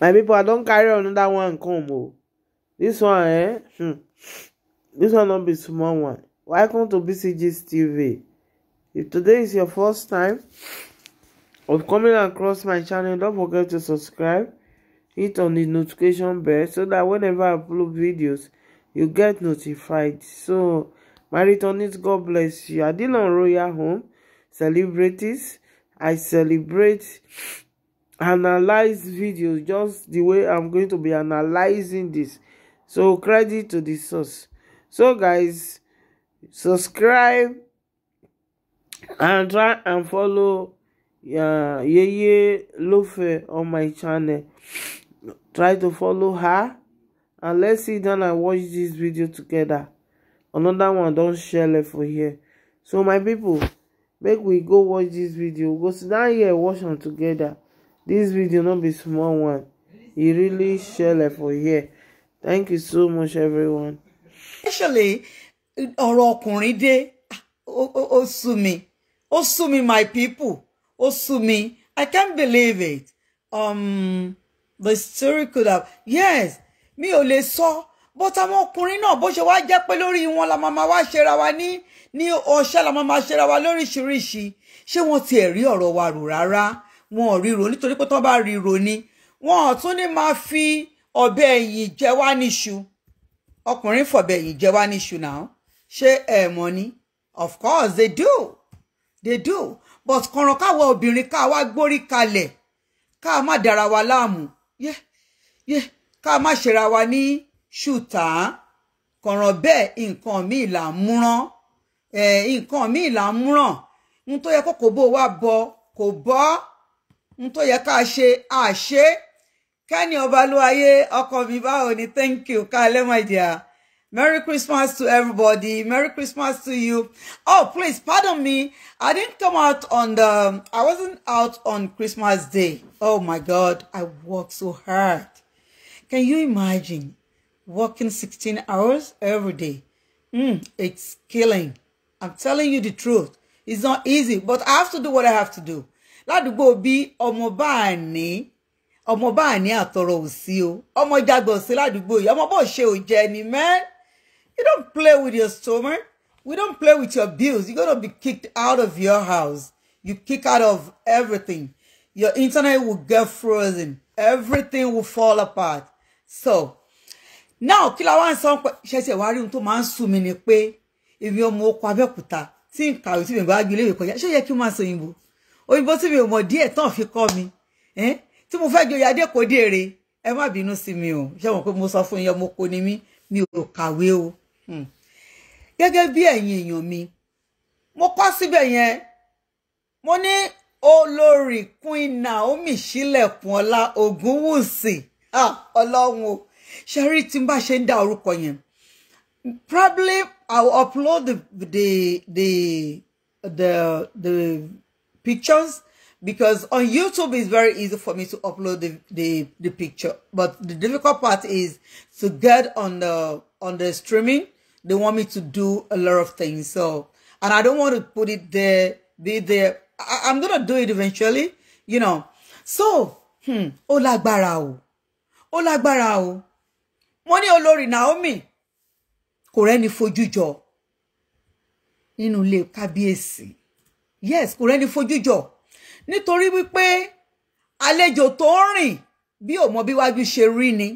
my people i don carry another one come oh. this one eh hmm. this one no be small one welcome to bcgs tv if today is your first time of coming across my channel don't forget to subscribe hit on the notification bell so that whenever i upload videos you get notified so my returnees god bless you i deal on royal home celebrities i celebrate analyze videos just the way i'm going to be analyzing this so credit to the source so guys subscribe and try and follow uh, yeye lofe on my channel try to follow her and let's sit down and watch this video together another one Don't share it for here so my people make we go watch this video go sit down here watch them together This video not be small one e really ṣẹlẹ̀ for here thank you so much everyone. especially oro ọkùnrin dé o sú mi o sú mi my people o sú mi i can't believe it um, the story could have yes mi ò lè sọ but àwọn ọkùnrin náà bó ṣe wá jẹ́ pé lórí wọn la máa wá ṣera wa ní ní ọṣẹ́ la máa ṣera wa lóríṣiríṣi ṣé wọ́n tiẹ̀ rí ọ̀rọ̀ wa rò rárá wọn ò ríro nítorí pé tí wọ́n bá ríro ni wọn ò tún ní máa fi ọ̀bẹ ẹ̀yìn jẹ wá níṣu ọkùnrin fọ̀bẹ ẹ̀yìn jẹ wá níṣu náà ṣé ẹ mọ̀ ni of course they do they do but kọ̀ọ̀ràn káwọ obìnrin ká wá gbórí kalẹ̀ ká má dára wa láàmú yẹ yẹ ká má ṣera wa ní ṣùtà kọ̀ọ̀ràn bẹ́ẹ̀ nǹkan míì là ń múràn nǹkan míì là ń múràn n tó yẹ kó kò bó wa bọ kò bọ́ n yẹ ká ṣe àṣe kẹ́ni ọbalúwayé ọkọ mi ni thank you kálẹ́ my dear merry christmas to everybody merry christmas to you oh please pardon me i didn't come out on the i wasn't out on christmas day oh my god i worked so hard can you imagine working 16 hours every day mm, it's killing i'm telling you the truth it's not easy but i have to do what i have to do ládùúgbò bí ọmọ bá a ní ọmọ bá a ní àtọrọ òsì o ọmọ jagbọ sí ládùúgbò yìí ọmọ bó ṣe ò jẹ ni man you don't play with your stomach we don't play with your bills you gonna be kicked out of your house you kick out of everything your internet will get frozen everything will fall apart so now kí la wá ń sọ pé ṣẹ̀ṣẹ̀ wá rí ohun tó máa ń sùn mí ni pé èmi ọmọ oko Abẹ́òkúta tí n kàwé tí mi bá gbé iléèwé kọjá ṣé ó yẹ kí n máa sọ òyìnbó òyìnbó tí mi ò mọ̀ díẹ̀ tán fi kọ́ mi tí mo fẹ́ joyè adékòdé rè ẹ má bínú sí mi o ṣé wọn pé mo sọ fún yín ọmọ oko ni mí mi ò kàwé o hmm. gẹ́gẹ́ bí ẹ̀yin èèyàn mi mo kọ́ síbẹ̀ yẹn mo ní olórí Queen Naomi Sílẹ̀kùnọlá Ògúnwùsì ọlọ́run o ṣe rí tí n bá ṣe ń dá orúkọ yẹn probably I will upload the the the the the pictures because on YouTube it's very easy for me to upload the, the, the picture. But the difficult part is to get on the on the streaming. They want me to do a lot of things. So and I don't want to put it there, be there. I, I'm gonna do it eventually, you know. So hmm, ó lágbára o. Ó lágbára o. Wọ́n ní Naomi kò rẹ́ni fojú jọ nínú ilé yes kò rẹ́ni fojú jọ nítorí wípé àlejò tó rìn bí ò mọ bí wájú ṣe rí ni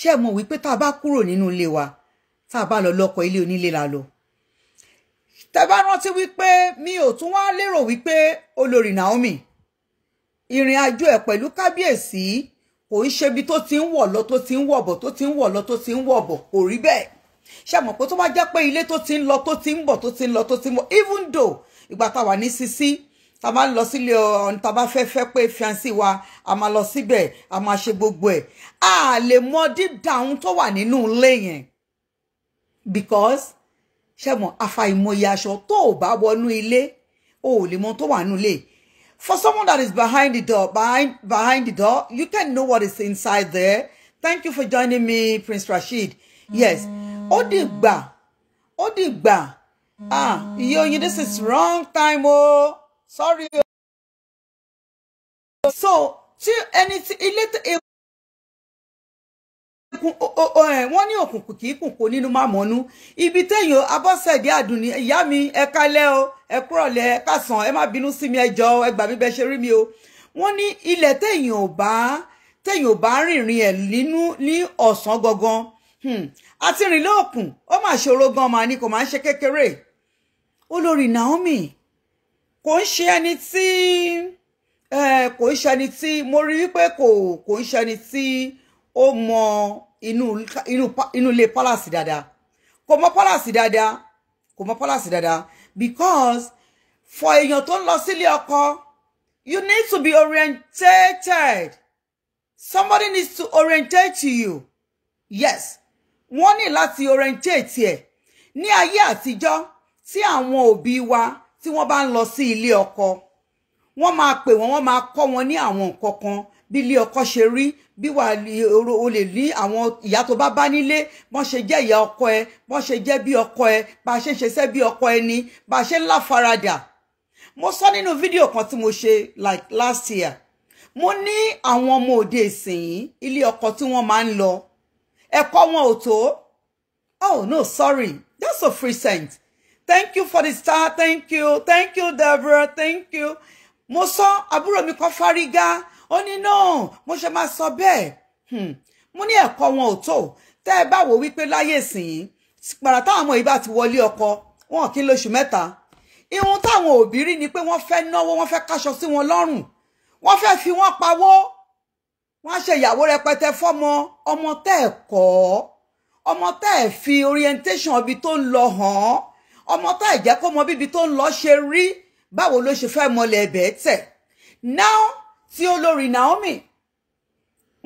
ṣé mọ̀ wípé tá a bá kúrò nínú ilé wa tá a bá lọ lọ́kọ̀ ilé onílé la lọ tẹ́ bá rántí wípé mi ò tún wá lérò wípé olórí Naomi ìrìn àjò ẹ̀ pẹ̀lú kábíyèsí kò ń ṣebi tó ti ń wọ̀ lọ tó ti ń wọ̀ bọ̀ tó ti ń wọ̀ lọ tó ti ń wọ̀ bọ̀ kò rí bẹ́ẹ̀ ṣé mọ̀ pé tó bá jẹ́ pé ilé tó ti ń lọ tó ti ń bọ̀ tó ti ń lọ tó ti ń bọ̀ even though ìgbà táwa ní sísí ta bá lọ sílé ọ̀hún ta bá fẹ́ fẹ́ pé fiancé wa a máa lọ síbẹ̀ a máa ṣe gbogbo ẹ̀ a lè mọ dídá ohun tó wà nínú ilé yẹn because ṣẹ́mọ̀ àfàìmọye aṣọ tó o bá wọnú ilé o ò lè mọ tó wà nínú ilé for someone that is behind the door behind behind the door you can know what is inside there thank you for joining me Prince Rasheed yes ó dìgbà ó dìgbà ah iye this is wrong time oh. sorry so tí ẹni it let it. ní òkùnkùn kì í kùnkùn nínú má mọ́nú ibi téèyàn abọ́sẹ̀dé àdùnní ìyá mi ẹ kálẹ́ o ẹ kúrọ̀lẹ́ ẹ kásán ẹ má bínú sí mi ẹ jọ̀ọ́ ẹ gbà mí bẹ́ ṣe rí mi o wọ́n ní ilẹ̀ téèyàn ò bá téèyàn ò bá rìnrìn ẹ̀ nínú ní ọ̀sán gangan hmm, Ati rìn lóòkùn ó mà ṣòro gan mà ní kò máa ń ṣe olórí Naomi kò ń ṣe ẹni tí kò ń ṣe ẹni tí mo rí wípé kò kò ń ṣe ẹni tí ó mọ inú ilé palace dáadáa kò mọ palace dáadáa kò mọ palace dáadáa because for èèyàn tó ń lọ sílé ọkọ you need to be orientated somebody needs to orientate you yes wọ́n ní láti orientate ẹ̀ ní ayé àtijọ́ tí àwọn òbí wa tí wọ́n bá ń lọ sí ilé ọkọ wọ́n máa pè wọ́n wọ́n máa kọ́ wọn ní àwọn nǹkan kan bí ilé ọkọ ṣe rí bí wà o lè ní àwọn ìyá tó bá bá nílé bọ́n ṣe jẹ́ ìyá ọkọ ẹ bọ́n ṣe jẹ́ bí ọkọ ẹ bá ṣe ń ṣeṣẹ́ bí ọkọ ẹ ni bá a ṣe ń láfaradà mo sọ nínú fídíò kan tí mo ṣe like last year mo ní àwọn ọmọ òde ìsìn ilé ọkọ tí wọ́n máa ń lọ ẹ̀kọ́ wọn ò tó oh no sorry that's free cent thank you for the star thank you thank you Deborah thank you mo sọ àbúrò mi kan fárígá ó ní no mo ṣe máa sọ bẹ́ẹ̀ hmm. mo ní ẹ̀kọ́ wọn ò tó tẹ́ ẹ bá wò wípé láyé ìsìn pàrà táwọn ọmọ yìí bá ti wọlé ọkọ wọn kí lóṣù mẹ́ta ihun táwọn òbí rí ni pé wọ́n fẹ́ náwó wọ́n fẹ́ káṣọ sí wọn lọ́rùn wọ́n fẹ́ fi wọ́n pawó wọ́n á ṣe ìyàwó rẹpẹtẹ fọ́mọ ọmọ tẹ́ ẹ̀ kọ́ ọmọ tẹ́ ẹ̀ fi orientation ibi tó ń lọ hàn án ọmọ tá ìjẹ́ kó mọ bíbi tó ń lọ ṣe rí báwo ló ṣe fẹ́ mọlẹ̀ ẹ̀bẹ̀ tẹ̀ now tí olórí Naomi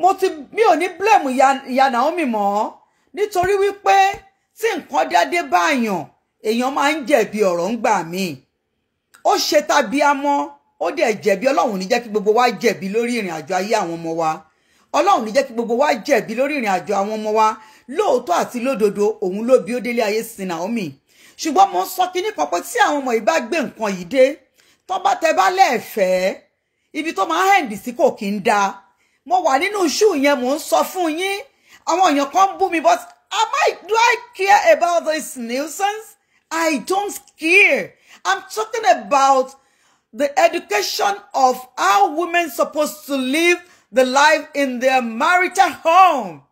mo ti mi ò ní blame ìyá Naomi mọ́ nítorí wípé tí nǹkan dádé báyàn èèyàn máa ń jẹ̀bi ọ̀rọ̀ ń gbà mí ó ṣe tàbí amọ́ ó dẹ̀ jẹ̀bi ọlọ́run ní jẹ́ kí gbogbo wa jẹ̀bi lórí ìrìn àjò ayé àwọn ọmọ wa ọlọ́run ní jẹ́ kí gbogbo wa jẹ̀bi lórí ìrìn àjò àwọn ọmọ wa lóòótọ́ àti lódodo òun ló bí ó délé ayé sin Naomi ṣùgbọ́n mo ń sọ kinní kan pé tí àwọn ọmọ yìí bá gbé nǹkan yìí dé tó bá tẹ bá lẹ́ẹ̀fẹ́ ibi tó máa hẹ̀ǹdì sí kò kí ń da mo wà nínú ṣú yẹn mò ń sọ fún yín àwọn èèyàn kan bú mi but am I do I care about this nuisance I don't care I'm talking about the education of how women supposed to live the life in their marital home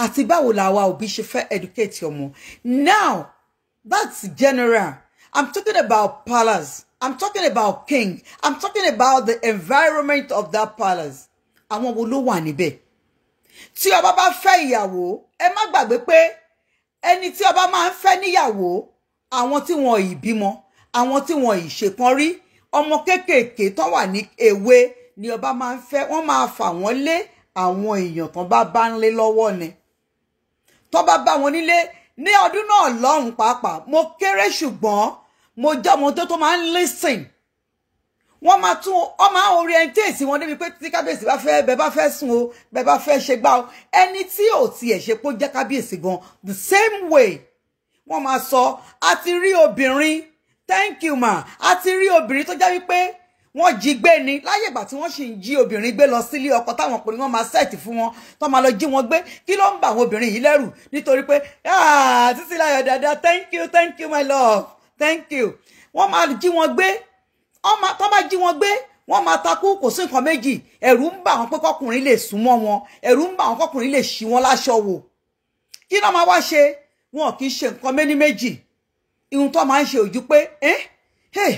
àti báwo làwa òbí ṣe fẹ́ educate ọmọ now that's general i'm talking about palace i'm talking about king i'm talking about the environment of that palace àwọn wo ló wà níbẹ̀ tí ọba bá fẹ́ ìyàwó ẹ má gbàgbé pé ẹni tí ọba máa ń fẹ́ níyàwó àwọn tí wọn ì bímọ àwọn tí wọn ì ṣèpọn rí ọmọ kéékèèké tán wà ní èwe ni ọba máa ń fẹ́ wọ́n máa fà wọ́n lé àwọn èèyàn tán bá bá ń lé lọ́wọ́ ni tó bá bá wọn nílé ní ọdún náà lọ́hùn pàápàá mo kéré ṣùgbọ́n mo jẹ́ ọmọ tó tó máa ń listen wọ́n máa tún ọ máa ń orientate wọn débi pé tí kábíyèsí bá fẹ́ bẹ́ẹ̀ bá fẹ́ sùn o bẹ́ẹ̀ bá fẹ́ ṣe gbá o ẹni tí ò tiẹ̀ ṣe pé ó jẹ́ kábíyèsí gan the same way wọ́n máa sọ a ti rí obìnrin thank you ma a ti rí obìnrin tó jẹ́ wípé wọ́n jí gbé ni láyé ìgbà tí wọ́n sì ń jí obìnrin gbé lọ sílé ọkọ táwọn ọkùnrin wọn máa sẹ́ẹ̀tì fún wọn tó máa lọ jí wọn gbé kí ló ń bà àwọn obìnrin yìí lẹ́rù nítorí pé ah, títí láyọ̀ dáadáa thank you thank you my love thank you wọ́n máa jí wọn gbé tó bá jí wọn gbé wọ́n máa takú kò sí nǹkan méjì ẹ̀rù ń bà wọn pé kọkùnrin lè súnmọ́ wọn ẹ̀rù ń bà wọn kọkùnrin lè ṣí wọn láṣọ wò kí ló máa wá ṣe wọn kì í ṣe nǹkan méní méjì ihun tó máa ń ṣe ojú pé ẹ́ ẹ́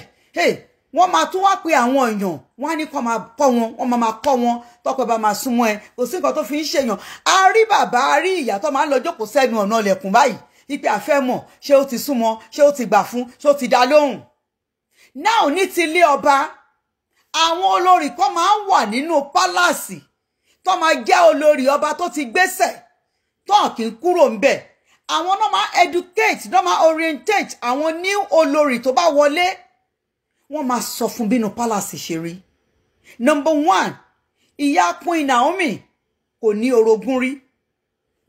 ẹ́ wọ́n máa tún wá pé àwọn èèyàn wọ́n á ní kọ́ máa kọ́ wọn wọ́n máa máa kọ́ wọn tọkọ bá máa súnmọ́ ẹ kò sí nǹkan tó fi ń ṣèyàn a rí bàbá a rí ìyá tó máa ń lọ jókòó sẹ́nu ọ̀nà ilẹ̀kùn báyìí ipe àfẹ́mọ̀ ṣé ó ti súnmọ́ ṣé ó ti gbà fún ṣé ó ti dá lóhùn. náà ní ti ọba àwọn olórí kan máa ń wà nínú pálásì tó máa jẹ́ olórí ọba tó ti gbéṣẹ̀ tó hàn kí kúrò ń àwọn náà máa educate náà máa orientate àwọn new olórí tó bá wọlé wọ́n máa sọ fún bínú palace ṣe rí number one ìyá Queen Naomi kò ní orogún rí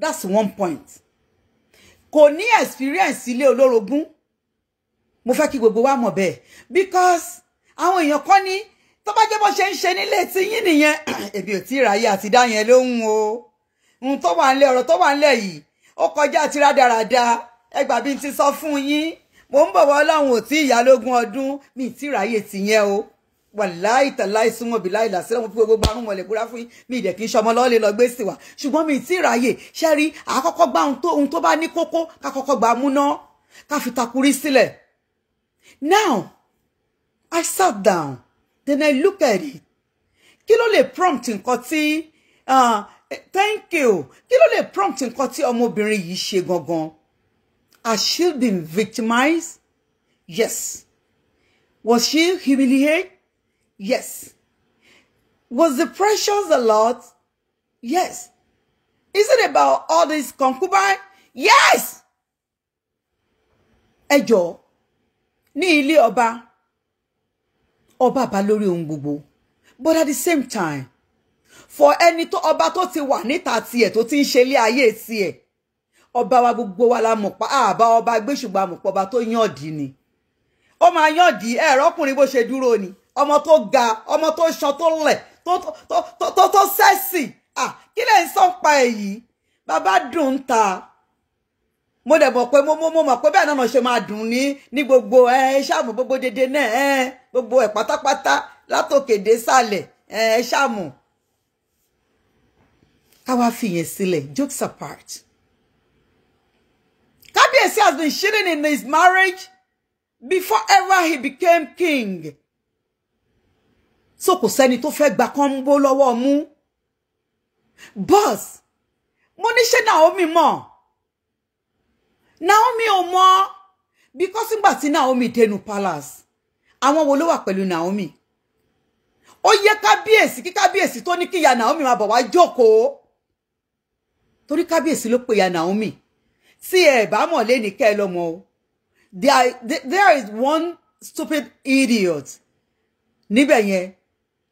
that's one point kò ní experience ilé olórogún mo fẹ́ kí gbogbo wa mọ̀ bẹ́ẹ̀ because àwọn èèyàn kan ní tó bá jẹ́ bó ṣe ń ṣe nílé tí yín nìyẹn èmi ò tí ì ráyè àti dá yẹn lóhùn o ohun tó wà nílẹ̀ ọ̀rọ̀ tó wà nílẹ̀ yìí ó kọjá àti rádaràda ẹgbàá bí ti sọ fún yín mo ń bọ̀wọ̀ ọlọ́run ò tí ìyálógún ọdún mi ti ráyè tìyẹn o wàláì tàláì súnmọ́ bí láì làsílẹ̀ wọn fi gbogbo bá àwọn mọ̀lẹ́kúrá fún mi ìdẹ̀kí sọmọ lọ́ọ́lẹ̀ lọ gbé sí wa ṣùgbọ́n mi ti ráyè ṣẹ́rí àkọ́kọ́ gba ohun tó bá ní kókó ká gba múná ká fi takurí sílẹ̀ now I sat down then I look at it kí ló lè prompt nǹkan tí ah, thank you kí ló lè prompt nǹkan tí ọmọbìnrin yìí ṣe gangan Has she been victimized? Yes. Was she humiliated? Yes. Was the pressures a lot? Yes. Is it about all this concubine? Yes. Ẹ ni ili oba, oba ọba bá but at the same time for any to oba to ti wà níta tiẹ̀ tó ti ń ṣe ilé ayé ọba wa gbogbo wa la mọ̀ pa àbá ah, ọba gbé ṣùgbọ́n àmọ̀pọ̀ ọba tó yànjú ni ó máa yànjú ẹ̀rọ ọkùnrin bó ṣe dúró ni ọmọ tó ga ọmọ tó ṣan tó lẹ̀ tó tó sẹ́sì ah, kí lè ń sàn pa èyí bàbá dùn ń ta mo dẹ̀ mọ̀ pé mo mo mọ̀ pé bẹ́ẹ̀ náà ṣe máa dùn ní ní gbogbo ẹ ṣàmù gbogbo dédé náà ẹ gbogbo ẹ pátápátá látòkè dé sàlẹ̀ ẹ ṣàmù ká wá fìyẹn sílẹ̀ jokes apart. Kabiyesi has been cheating in his marriage before ever he became king. So kò sẹ́ni tó fẹ́ gba kọ́ńbó lọ́wọ́ mú. Boss, mo ní ṣé Naomi mọ̀. Naomi ò mọ̀ because nígbà tí Naomi dénú palace, àwọn wo ló wà pẹ̀lú Naomi? Ó yẹ kábíyèsí kí kábíyèsí tó ní kíyà Naomi máa bọ̀ wá jókòó. Torí kábíyèsí ló pe ìyá Naomi tí ẹ bá mọ̀ lé ní kẹ́ ẹ lọ́mọ o there is one stupid idiot níbẹ̀ yẹn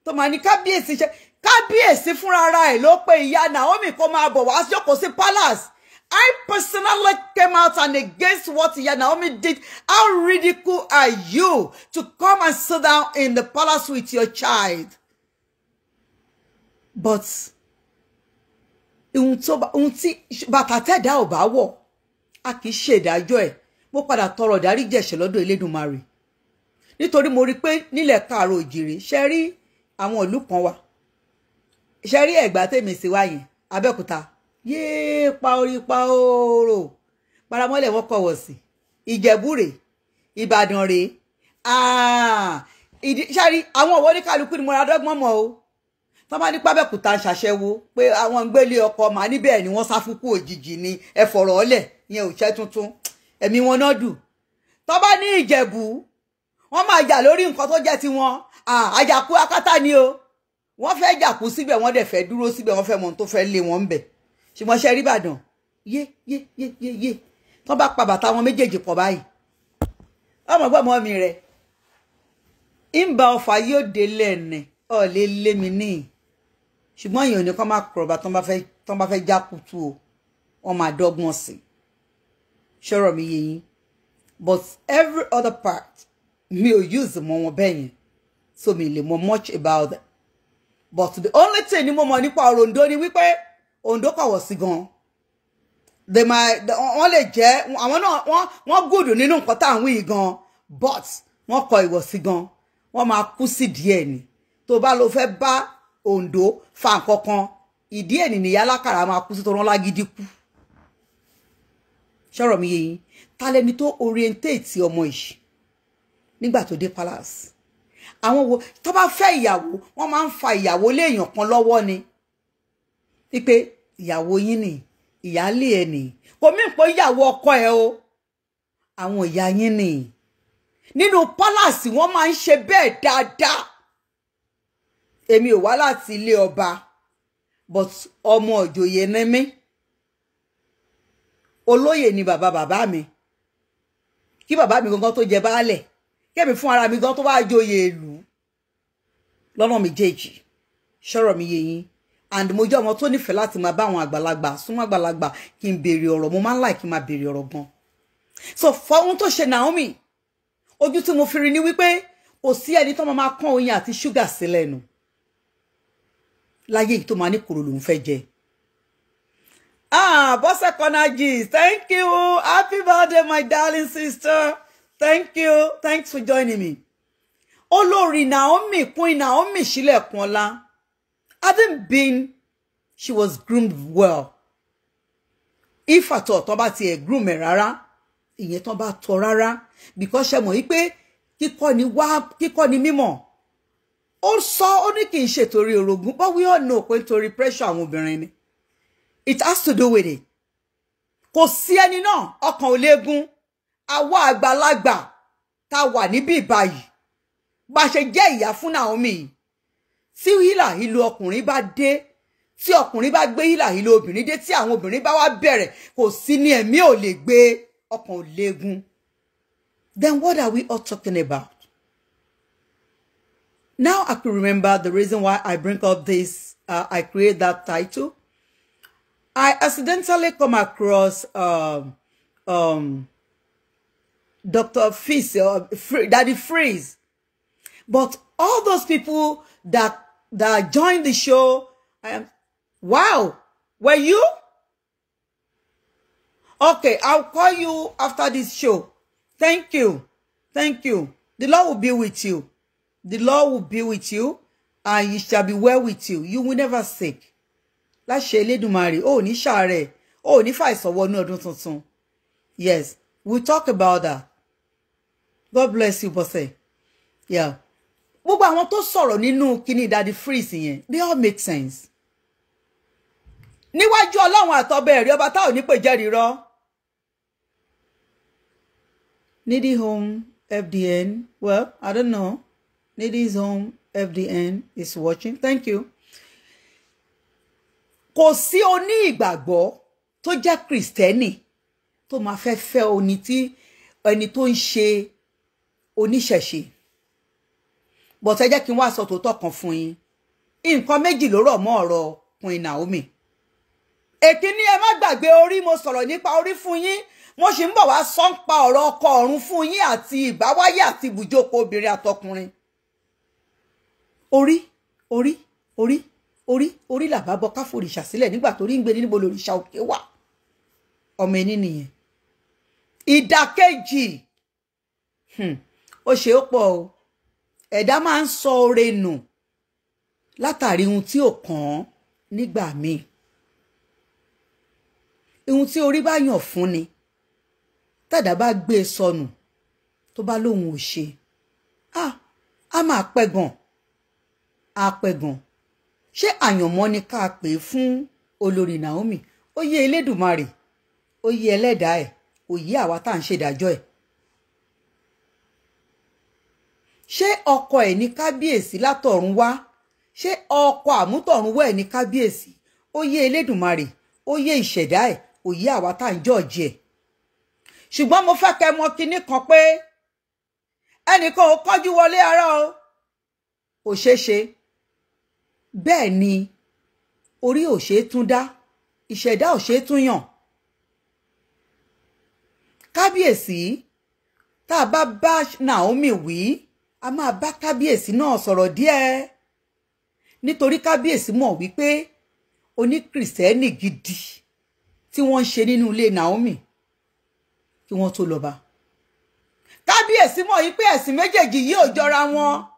tó máa ní kábíyèsí ṣe kábíyèsí fúnra ara ẹ̀ ló pe ìyá Naomi kó máa bọ̀ wá jókòó sí palace I personally came out and against what Iya Naomi did. How ridiculous are you to come and sit down in the palace with your child? But, ohun tí bàtà tẹ̀dá ò bá wọ̀ a kì í ṣe ẹ̀ mo padà tọrọ ìdárí jẹ̀ṣẹ̀ lọ́dọ̀ Elédùmarè nítorí mo rí i pé nílẹ̀ káàró òjìrì ṣe rí àwọn ìlú kan wà ṣe rí ẹ̀gbá tèmi sí wáyé Abẹ́òkúta yéé pa orí pa oòrò paramọ́lẹ̀ wọn kọ̀wọ̀ sí Ìjẹ̀bú rèé Ìbàdàn rèé ìdí ṣáàrí àwọn òwò oníkálukú ni mo ra dọ́gbọ́n mọ́ o tọ́ bá ní pábẹ́kúta ṣàṣẹwó pé àwọn ń gbélé ọkọ màá níbẹ̀ ni wọ́n sá fún kú òjijì ni ẹ fọ̀rọ̀ ọ́lẹ̀ ìyẹn òṣẹ́ tuntun ẹ̀mí wọn náà dù tó bá ní ìjẹ̀bú wọ́n máa jà lórí nǹkan tó jẹ́ tiwọn àjàkú akátá ni o wọ́n fẹ́ jàkú síbẹ̀ wọ́n dẹ̀ fẹ́ dúró síbẹ̀ wọ́n fẹ́ mọ ohun tó fẹ́ lé wọn ń bẹ̀ ṣùgbọ́n ṣe rí Ìbàdàn yé yé yé yé yé tó bá pa bàtà wọn méjèèjì pọ̀ báyìí ọmọ gbọ́ mọ́ mi rẹ̀ ìmbà ọ̀fà yóò délé ẹ̀nẹ̀ ọ̀lẹ́ lémi níì ṣùgbọ́n èèyàn ní máa pọ̀ bá tán bá fẹ́ jákùtù o wọ́n máa dọ́gbọ́n sí i. Sure, me, yé but every other part me use mọ wọn bẹ́ẹ̀ so me lè mọ much about them but the only thing ni mo mọ nípa ọ̀rọ̀ Ondo ni wípé Ondo kọ̀wọ̀ sí gan-an the might wọ́n lè jẹ́ àwọn náà wọ́n wọ́n gùdù nínú nǹkan tá à ń wí but wọ́n kọ ìwọ̀ sí gan wọ́n máa kú sí díẹ̀ ni tó bá lọ fẹ́ bá Ondo fa nǹkan kan ni ẹ̀ nìyí alákàrà máa kú sí tó rán lágídí kú ṣọ́rọ̀ mi yé yín ta lẹni tó orientate ọmọ yìí nígbà tó dé palace àwọn wo tó bá fẹ́ ìyàwó wọ́n máa ń fa ìyàwó léèyàn kan lọ́wọ́ ni wípé ìyàwó yín ni ìyáálé ẹ nì kò mí pé ìyàwó ọkọ ẹ o àwọn ìyá yín ni nínú palace wọ́n máa ń ṣe bẹ́ẹ̀ dáadáa èmi ò wá láti ilé ọba but ọmọ òjòyè ni mí olóyè ni bàbá bàbá mi kí bàbá mi gangan tó jẹ baálẹ̀ kẹ́mi fún ara mi gan tó bá joyè ìlú lọ́nà méjèèjì ṣọ́rọ̀ mi yé and mo jẹ́ ọmọ tó nífẹ̀ẹ́ láti máa bá àwọn àgbàlagbà súnmọ́ àgbàlagbà kí n béèrè ọ̀rọ̀ mo máa ń láì kí n máa béèrè ọ̀rọ̀ gan so fọ tó ṣe Naomi ojú tí mo fi rí ni wípé kò sí ẹni tó máa máa kán oyin àti ṣúgà sí lẹ́nu láyé yìí tó máa ní kòrò lòún fẹ́ jẹ Ah, Bossa Corner G's. Thank you. Happy birthday, my darling sister. Thank you. Thanks for joining me. Olori Naomi, Queen Naomi Shilekwala, hadn't been, she was groomed well. If at all, tó bá tiẹ̀ groom ẹ̀ rárá, ìyẹn tó bá tọ́ because she mọ̀ wípé kíkọ́ ni wá, kíkọ́ ni mímọ̀. Ó sọ, ó ní kì í but we all know pé tori pressure àwọn obìnrin it has to do with it kò sí ẹni náà ọkàn ò léegun àwa àgbàlagbà tá a wà níbí ìbáyìí bá a ṣe jẹ́ ìyá fún Naomi yìí tí hílà ìlú ọkùnrin bá dé tí ọkùnrin bá gbé hílà ìlú obìnrin dé tí àwọn obìnrin bá wá bẹ̀rẹ̀ kò sí ní ẹ̀mí ò lè gbé ọkàn ò léegun then what are we all talking about? Now I can remember the reason why I bring up this, uh, I create that title. I accidentally come across um, um, Dr. Fizz, or uh, Fre Daddy Freeze. But all those people that that joined the show, I am, wow, were you? Okay, I'll call you after this show. Thank you. Thank you. The Lord will be with you. The Lord will be with you and you shall be well with you. You will never sick. láṣẹ elédùnmarè ó ní ṣàárẹ̀ ó ní fàìsàn wọnú ọdún tuntun yes we talk about that god bless you bọ́sẹ̀ yeah gbogbo àwọn tó sọ̀rọ̀ nínú kíní Daddy Freeze yẹn they all make sense níwájú ọlọ́run àtọ́bẹ̀ rí ọba táwọn onípè jẹ́rìí rọ́ needy home FDN well I don't know needy's home FDN is watching thank you kò sí oní ìgbàgbọ́ tó jẹ́ kristẹni tó máa fẹ́ fẹ́ oní tí ẹni tó ń ṣe oníṣẹ̀ṣe but ẹ jẹ́ kí n wá sọ tòótọ́ kan fún yín nǹkan méjì ló rọ̀ mọ́ ọ̀rọ̀ Queen Naomi èkíní ẹ má gbàgbé orí mo sọ̀rọ̀ nípa orí fún yín mo sì ń bọ̀ wá sọ ń pa ọ̀rọ̀ ọkọ ọ̀run fún yín àti ìbáwáyé àti ibùjókòó obìnrin àtọkùnrin orí orí orí orí orí làbá bọ káforìṣà sílẹ̀ nígbà tó rí ń gbé níbo lòrìṣà òkè wà ọmọ ẹni nìyẹn ìdàkejì hmm. ó ṣe ó pọ̀ o ẹ̀dá máa ń sọ oore nù látàrí ohun tí ò kàn án nígbà míì ohun tí orí bá yàn fún ni tàdá bá gbé e sọnù tó bá lóun ò ṣe a máa pẹ́ gan a pẹ́ gan ṣé àyànmọ́ ni ká pè é fún olórí Naomi ó yé Elédùmarè ó yé ẹlẹ́dàá ẹ̀ ó yé àwa tá à ń ṣèdájọ́ ẹ̀ ṣé ọkọ ẹ̀ ní kábíyèsí látọ̀run wá ṣé ọkọ àmútọ̀run wá ẹ̀ ní kábíyèsí ó yé Elédùmarè ó yé ìṣẹ̀dá ẹ̀ ó yé àwa tá à ń jọ́ọ̀jì ẹ̀ ṣùgbọ́n mo fẹ́ kẹ́ mọ̀ kinní kan pé ẹnìkan ò kọ́jú wọlé ara o kò ṣeé ṣe bẹ́ẹ̀ ni orí ò ṣeé tún dá ìṣẹ̀dá ò ṣeé tún yàn kábíyèsí tá a bá bá Naomi wí a máa bá kábíyèsí náà sọ̀rọ̀ díẹ̀ nítorí kábíyèsí mọ̀ wípé oní gidi tí wọ́n ń ṣe nínú ilé Naomi kí wọ́n tó lọ́ba kábíyèsí mọ̀ wípé ẹ̀sìn méjèèjì yìí ò jọra wọn. Mm -hmm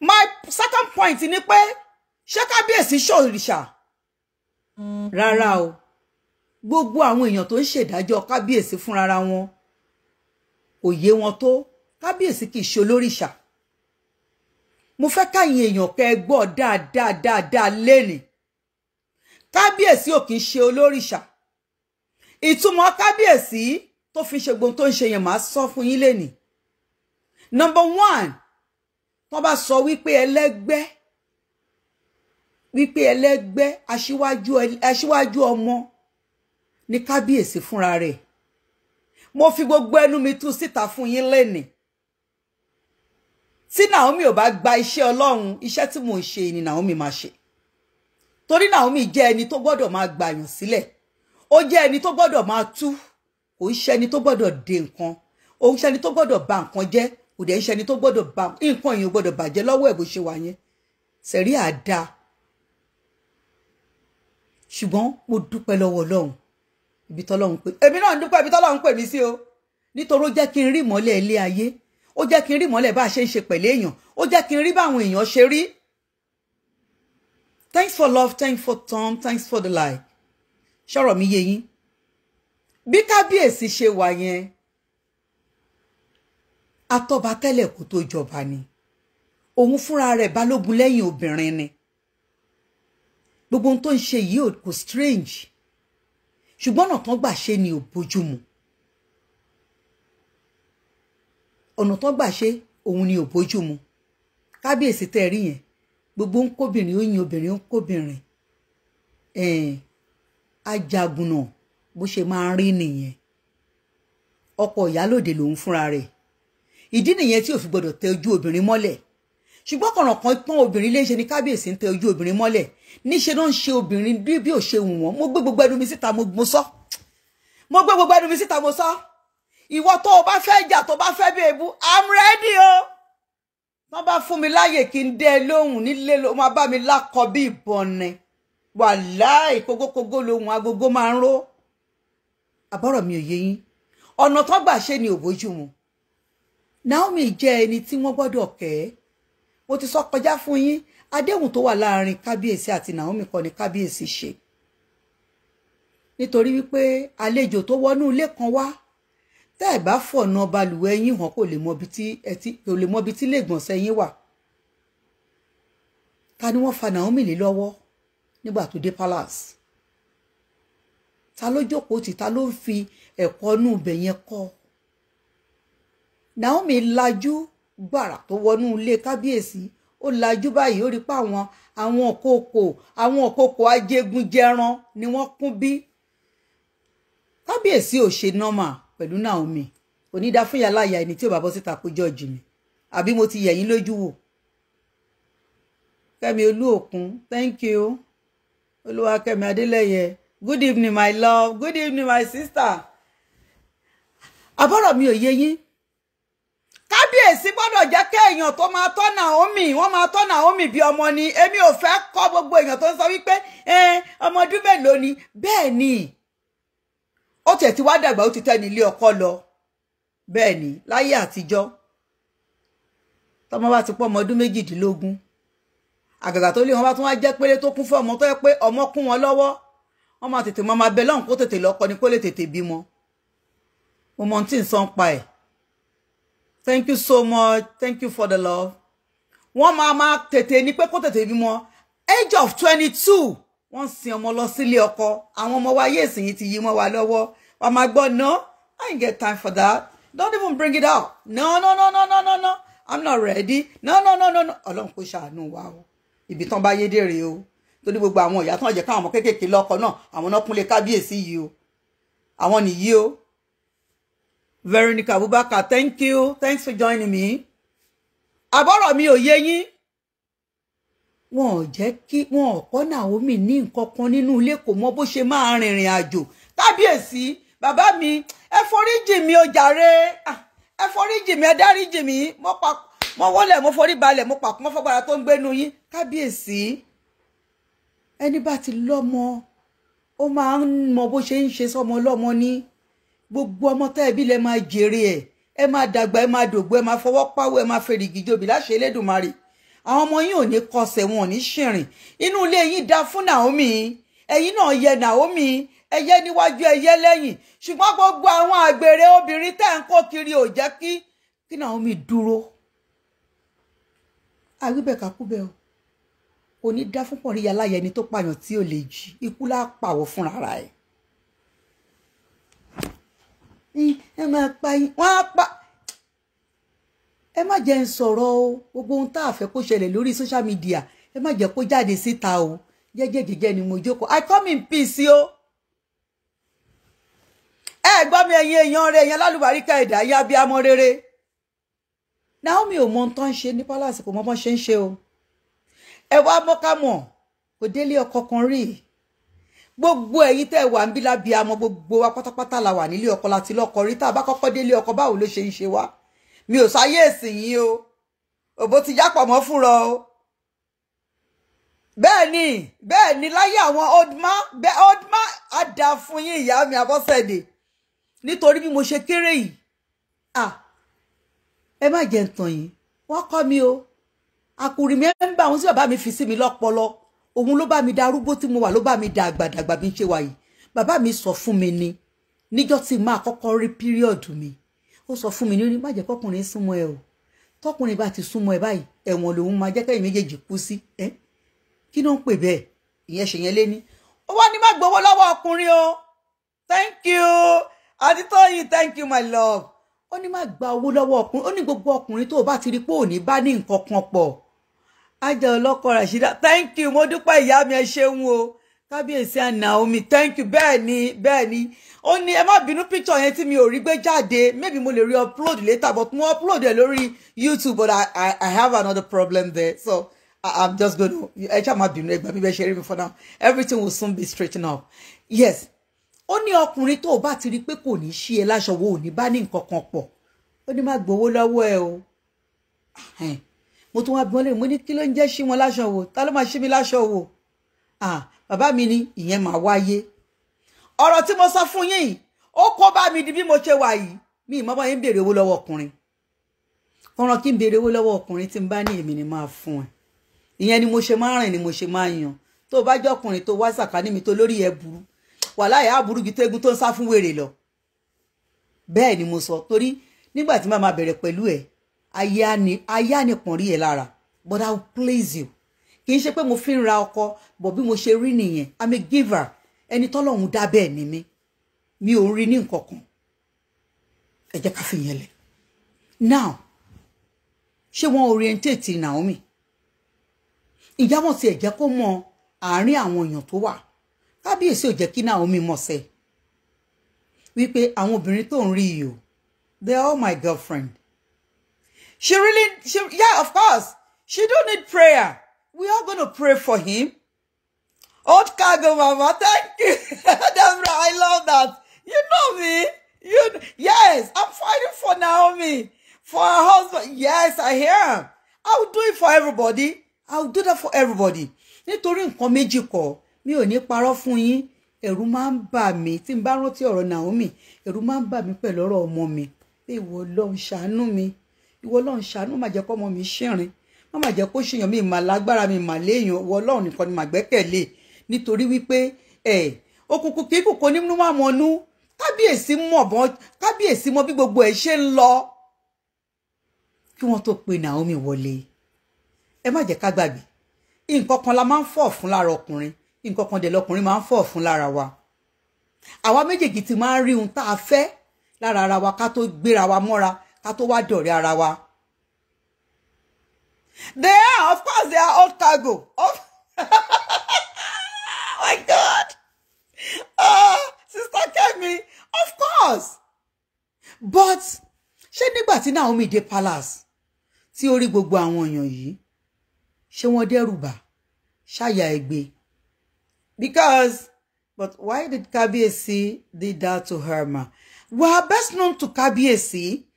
my second point ni pé ṣé kábíyèsí ṣòrìṣà rárá o gbogbo àwọn èèyàn tó ń ṣèdájọ́ kábíyèsí fúnra wọn òye wọn tó kábíyèsí kì í ṣe olórìṣà mo fẹ́ káyìn èèyàn kẹ́ ẹ gbọ́ dáadáa dáadáa lénìí kábíyèsí ò kì í ṣe olórìṣà ìtumọ̀ kábíyèsí tó fi ṣe gbogbo tó ń ṣe yẹn máa sọ fún yín lénìí number one tán bá sọ wípé ẹlẹ́gbẹ́ wípé ẹlẹ́gbẹ́ aṣíwájú aṣíwájú ọmọ ní kábíyèsí fúnra rẹ̀ mo fi gbogbo ẹnu mi tú síta fún yín lẹ́nìí tí Naomi ò bá gba iṣẹ́ Ọlọ́run iṣẹ́ tí mò ń ṣe ni Naomi máa ṣe torí Naomi jẹ́ ẹni tó gbọ́dọ̀ máa gbàyàn sílẹ̀ ó jẹ́ ẹni tó gbọ́dọ̀ máa tú kò ń ṣe ẹni tó gbọ́dọ̀ dè nǹkan òun ṣe ẹni tó gbọ́dọ̀ bà nǹkan jẹ́ kò dẹ̀ ń ṣẹni tó gbọ́dọ̀ bá nǹkan èèyàn gbọ́dọ̀ bàjẹ́ lọ́wọ́ ẹ̀ bó ṣe wà yẹn sẹ̀rí àdá ṣùgbọ́n mo dúpẹ́ lọ́wọ́ ọlọ́run ibi tọ́lọ́run pè èmi náà ń dúpẹ́ ibi tọ́lọ́run pè mí sí o nítorí ó jẹ́ kí n rí ìmọ́lẹ̀ ilé ayé ó jẹ́ kí n rí ìmọ́lẹ̀ bá a ṣe ń ṣe pẹ̀lẹ́ èèyàn ó jẹ́ kí n rí báwọn èèyàn ṣe rí thanks for love thanks for tom thanks for the light ṣọ̀rọ̀ mi yé yín bí kábíyèsí ṣe wà yẹn atọ́ba tẹ́lẹ̀ kó tó jọba ni òun fúnra rẹ̀ balógun lẹ́yìn obìnrin ni gbogbo ohun tó ń ṣe yìí kò strange ṣùgbọ́n ọ̀nà tán gbà ṣe ni ò bójúmu ọ̀nà tán gbà ṣe òun ni ò bójúmu kábíyèsí tẹ́ rí yẹn gbogbo ń kóbìnrin ó yin obìnrin ó ń kóbìnrin ajagunà bó ṣe máa ń rí nìyẹn ọkọ ìyálòde lòun fúnra rẹ̀ ìdí nìyẹn tí ò fi gbọdọ̀ tẹ ojú obìnrin mọ́lẹ̀ ṣùgbọ́n kọ̀ọ̀kan pọ́n obìnrin léṣe ní kábíyèsí ń tẹ ojú obìnrin mọ́lẹ̀ níṣe ló ń ṣe obìnrin bí ò ṣe wù wọ́n mo gbé gbogbo ẹnu mi síta mo sọ mo gbé gbogbo ẹnu mi síta mo sọ ìwọ tó o bá fẹ́ jà tó o bá fẹ́ bí ebu i'm ready o wọ́n bá fún mi láàyè kí n dẹ́ lóhùn nílé ló máa bá mi lákọ bí ìbọn ni wàláì kógókógó lohun agogo máa ń ró àbọ̀rọ̀ mi ò yé yín ọ̀nà tó gbà ṣe ni òbójú mu Naomi jẹ́ ẹni tí wọ́n gbọ́dọ̀ kẹ́ mo ti sọ kọjá fún yín àdéhùn tó wà láàrin kábíyèsí àti Naomi kọ́ ni kábíyèsí ṣe nítorí wípé àlejò tó wọnú ilé kan wá tẹ́ ẹ̀ bá fọ̀nà balùwẹ̀ yín hàn kò lè mọ ibi tí lè gbọ̀nsẹ̀ yín wà ta ni wọ́n fa Naomi lé lọ́wọ́ nígbà tó dé palace ta ló jókòó tì ta ló ń fi ẹ̀kọ́ nù bẹ̀yẹn kọ́ ọ Naomi lajú gbàrà tó wọnú ilé kábíyèsí ó lajú báyìí ó rí pa àwọn àwọn òkòkò àwọn òkòkò ajégunjẹran ni wọ́n kún bí kábíyèsí ò ṣe nọ́mà pẹ̀lú Naomi onídàá fún yàrá àyà ẹni tí ò bá bọ́ síta kó jọ́ọ̀jì mi àbí mo ti yẹ̀yìn lójú wò Kẹ́mi Olúòkun thank you Olúwakẹ́mi Adélẹ́yẹ good evening my love good evening my sister àbọ̀rọ̀ mi ò yé yín kábíyèsí gbọ́dọ̀ jẹ́ kí èèyàn tó máa tọ́ Naomi wọ́n máa tọ́ Naomi bí ọmọ ni èmi ò fẹ́ kọ́ gbogbo èèyàn tó ń sọ wípé ọmọ ọdún mélòó ni bẹ́ẹ̀ ni ó tiẹ̀ ti wá dàgbà ó ti tẹ́ ní ilé ọkọ lọ bẹ́ẹ̀ ni láyé àtijọ́ tọmọ bá ti pọ́ ọmọ ọdún méjìdínlógún àgàgà tó lé wọn bá tún wá jẹ́ péré tó kún fún ọmọ tó yẹ pé ọmọ kún wọn lọ́wọ́ wọn máa tètè máa bẹ lọ́hùn kó tètè lọ́kọ ni kó lè tètè bímọ mo mọ ohun tí ń san pa ẹ̀ thank you so much thank you for the love wọ́n máa máa tètè ní pé kó tètè bímọ age of twenty two wọ́n sin ọmọ lọ sílé ọkọ àwọn ọmọ wa ayé ìsìn yìí ti yí mọ́ wa lọ́wọ́ wàá máa gbọ́ no I ain't get time for that don't even bring it out no no no no no no no I'm not ready no no no no no Ọlọ́run kò ṣàánú wa o ibi tán bá yédè rèé o torí gbogbo àwọn ìyá tán jẹ́ káwọn ọmọ kéékèèké lọ́kọ náà àwọn náà kúnlẹ̀ kábíyèsí yìí o àwọn nìyí o Veronica Abubakar thank you thanks for joining me àbọ̀rọ̀ mi ò yé yín wọn ò jẹ́ kí wọn ò kọ́ Naomi ní nǹkan kan nínú ilé kò mọ bó ṣe máa rìnrìn àjò kábíyèsí bàbá mi ẹ foríjì mi o jàre ah, ẹ foríjì mi ẹ dáríjì mi mo pa mo wọlé mo forí balẹ̀ mo pàkó mo fọgbàrà tó ń gbénu yín kábíyèsí ẹni bá ti lọ́mọ ó máa ń mọ bó ṣe ń ṣe sọmọ lọ́mọ gbogbo ọmọ tá ẹbí lẹ máa jèrè ẹ ẹ máa dàgbà ẹ máa dògbò ẹ máa fọwọ́ pawó ẹ máa fèrègì jòbì láṣẹ Elédùmarè àwọn ọmọ yín ò ní kọsẹ̀ wọn ò ní ṣìrìn inú ilé yín dá fún Naomi ẹ̀yin náà yẹ Naomi ẹyẹ níwájú ẹyẹ lẹ́yìn ṣùgbọ́n gbogbo àwọn àgbèrè obìnrin tẹ́ ń kó kiri ò jẹ́ kí kí Naomi dúró àríbẹ̀ká kú bẹ́ẹ̀ o kò ní dá fún pọ̀nríyá láyẹni tó pààyàn tí ò lè jí ikú lápàwọ̀ fúnra rẹ̀ ẹ máa pa yín wọ́n á pa ẹ má jẹ́ ń sọ̀rọ̀ o gbogbo ohun tá a fẹ́ kó ṣẹlẹ̀ lórí social media ẹ má jẹ́ kó jáde síta o jẹ́jẹ́ jẹ́jẹ́ ni mo jókòó I come in peace o ẹ gbọ́ mi ẹ̀yin èèyàn rẹ ẹ̀yin alálùbáríkà ẹ̀dá yá bí amọ́ rere Naomi ò mọ ohun tó ń ṣe ní palace kò mọ bọ́n ṣe ń ṣe o ẹ wá mọ́kámọ́ kò délé ọkọ kan rí i gbogbo ẹ̀yin tẹ́ wà ń bí lábí amọ gbogbo wa pátápátá la wà nílé ọkọ láti lọ́kọ rí tá a bá kọ́kọ́ délé ọkọ báwo ló ṣe ń ṣe wá mi ò sáyé èsì yín o òbó ti jápọ̀ mọ́ fúnra o bẹ́ẹ̀ ni bẹ́ẹ̀ ni láyé àwọn oldma bẹ́ẹ̀ oldma á fún yín ìyá mi abọ́sẹ̀dé nítorí bí mo ṣe kéré yìí ah ẹ má jẹ́ ń tàn yín wọ́n kọ́ mi o àkùrì mẹ́mbà àwọn tí bàbá mi fi sí mi lọ́pọlọ òun ló bá mi da arúgbó tí mo wà ló bá mi da àgbàdàgbà bí n ṣe wà yìí bàbá mi sọ fún mi ni níjọ́ tí máa kọ́kọ́ rí píríọ̀dù mi ó sọ fún mi ní má jẹ́ kọ́kùnrin súnmọ́ ẹ o tọkùnrin bá ti súnmọ́ ẹ báyìí ẹ̀wọ̀n lòun máa jẹ́ kẹ́yìn méjèèjì kú sí ẹ kí ló ń pè bẹ́ẹ̀ ìyẹn ṣe yẹn lé ó wá ní má gbowó lọ́wọ́ ọkùnrin o thank you àti tóyìn thank you my love ó ní má gba owó lọ́wọ́ ọkùnrin ó ní gbogbo ọkùnrin tó o bá ti rí pé òní bá ní nǹkan kan pọ̀ ajá ọlọ́kọ Rashida thank you mo dúpẹ́ ìyá mi ẹ ṣeun o kábíyèsí and Naomi thank you bẹ́ẹ̀ ni bẹ́ẹ̀ ni ó ní ẹ má bínú picture yẹn tí mi ò rí gbé jáde maybe mo lè rí upload later but mo upload ẹ lórí YouTube but I, I I have another problem there so I, I'm just gonna ẹ ṣáà má bínú ẹ gbà mí bẹ́ẹ̀ ṣe rí mi for now everything will soon be straightened up yes ó ní ọkùnrin tó o bá ti rí pé kò ní ṣí ẹ láṣọ wo ò ní bá ní nǹkan kan pọ̀ ó ní má gbowó lọ́wọ́ ẹ o mo tún wá bí wọn lè mo ní kí ló ń jẹ́ ṣí wọn láṣọ wò ta ló máa ṣí mi láṣọ wò ah bàbá mi ni ìyẹn máa wáyé ọ̀rọ̀ tí mo sọ fún yín ó kó bá mi di bí mo ṣe wà yìí mi ìmọ̀ bá yín béèrè owó lọ́wọ́ ọkùnrin ọ̀ràn kí n béèrè owó lọ́wọ́ ọkùnrin tí n bá ní èmi ni máa fún ẹ ìyẹn ni mo ṣe máa rìn ni mo ṣe máa yan tó o bá jẹ́ ọkùnrin tó wá sàkání mi tó lórí ẹ burú wàhálà ẹ̀ á burú ju tégun tó ń sá fún wèrè lọ bẹ́ẹ̀ ni mo sọ torí nígbà tí màá máa bẹ̀rẹ̀ pẹ̀lú ẹ̀ ayá ni pọ̀nrí ẹ̀ lára but I will please you kì í ṣe pé mo fi ń ra ọkọ but bí mo ṣe rí nìyẹn I'm a giver ẹni tọ́lọ́hún dá bẹ́ẹ̀ ni mí mi ò rí ní nǹkan kan ẹ jẹ́ ká fi yẹn lẹ̀ now ṣé wọ́n orientate Naomi ìjà wọn tiẹ̀ jẹ́ kó mọ àárín àwọn èèyàn tó wà kábíyèsí ò jẹ́ kí Naomi mọ̀ sẹ́ wípé àwọn obìnrin tó ń rí yìí o they are all my girlfriend She really, she, yeah, of course. She don't need prayer. We are going to pray for him. Old cargo mama, thank you. Deborah, I love that. You know me. You, yes, I'm fighting for Naomi, for her husband. Yes, I hear him. I'll do it for everybody. I'll do that for everybody. Nítorí nǹkan méjì kọ́, mi ò ní parọ́ fún yín. Ẹ̀rù máa ń bà mí tí n bá rántí Naomi. Ẹ̀rù máa ń bà mí pẹ̀lú ọ̀rọ̀ ọmọ mi. Èèwọ̀ Ọlọ́run ṣàánú mi ìwọ ọlọ́run ṣàánú má jẹ́ kó ọmọ mi ṣẹ̀rìn má má jẹ́ kó ṣèyàn mi mà lágbára mi mà léèyàn ìwọ ọlọ́run nìkan ni mà gbẹ́kẹ̀lé nítorí wípé ẹ̀ òkùnkùn kì í kòkó nínú má mọnú kábíyèsí mọ̀ bọ́n kábíyèsí mọ̀ bí gbogbo ẹ̀ ṣe ń lọ kí wọ́n tó pe Naomi wọlé ẹ má jẹ́ ká gbàgbé nǹkan kan la máa ń fọ̀ fún lára ọkùnrin nǹkan kan dẹ̀ lọkùnrin máa ń fọ̀ fún lára wa àwa méjèèjì ti máa ń rí ohun tá a fẹ́ lára ara wa ká tó gbéra wa mọ́ra ká tó wá dọ̀rẹ́ ara wa. they are of course they are old cargo of oh my god oh sister Kemi of course but ṣé nígbà tí Naomi dé palace tí ó rí gbogbo àwọn èèyàn yìí ṣé wọ́n dẹ́rù bà ẹgbẹ́ because but why did Kabiyesi did that to her ma we are best known to Kabiyesi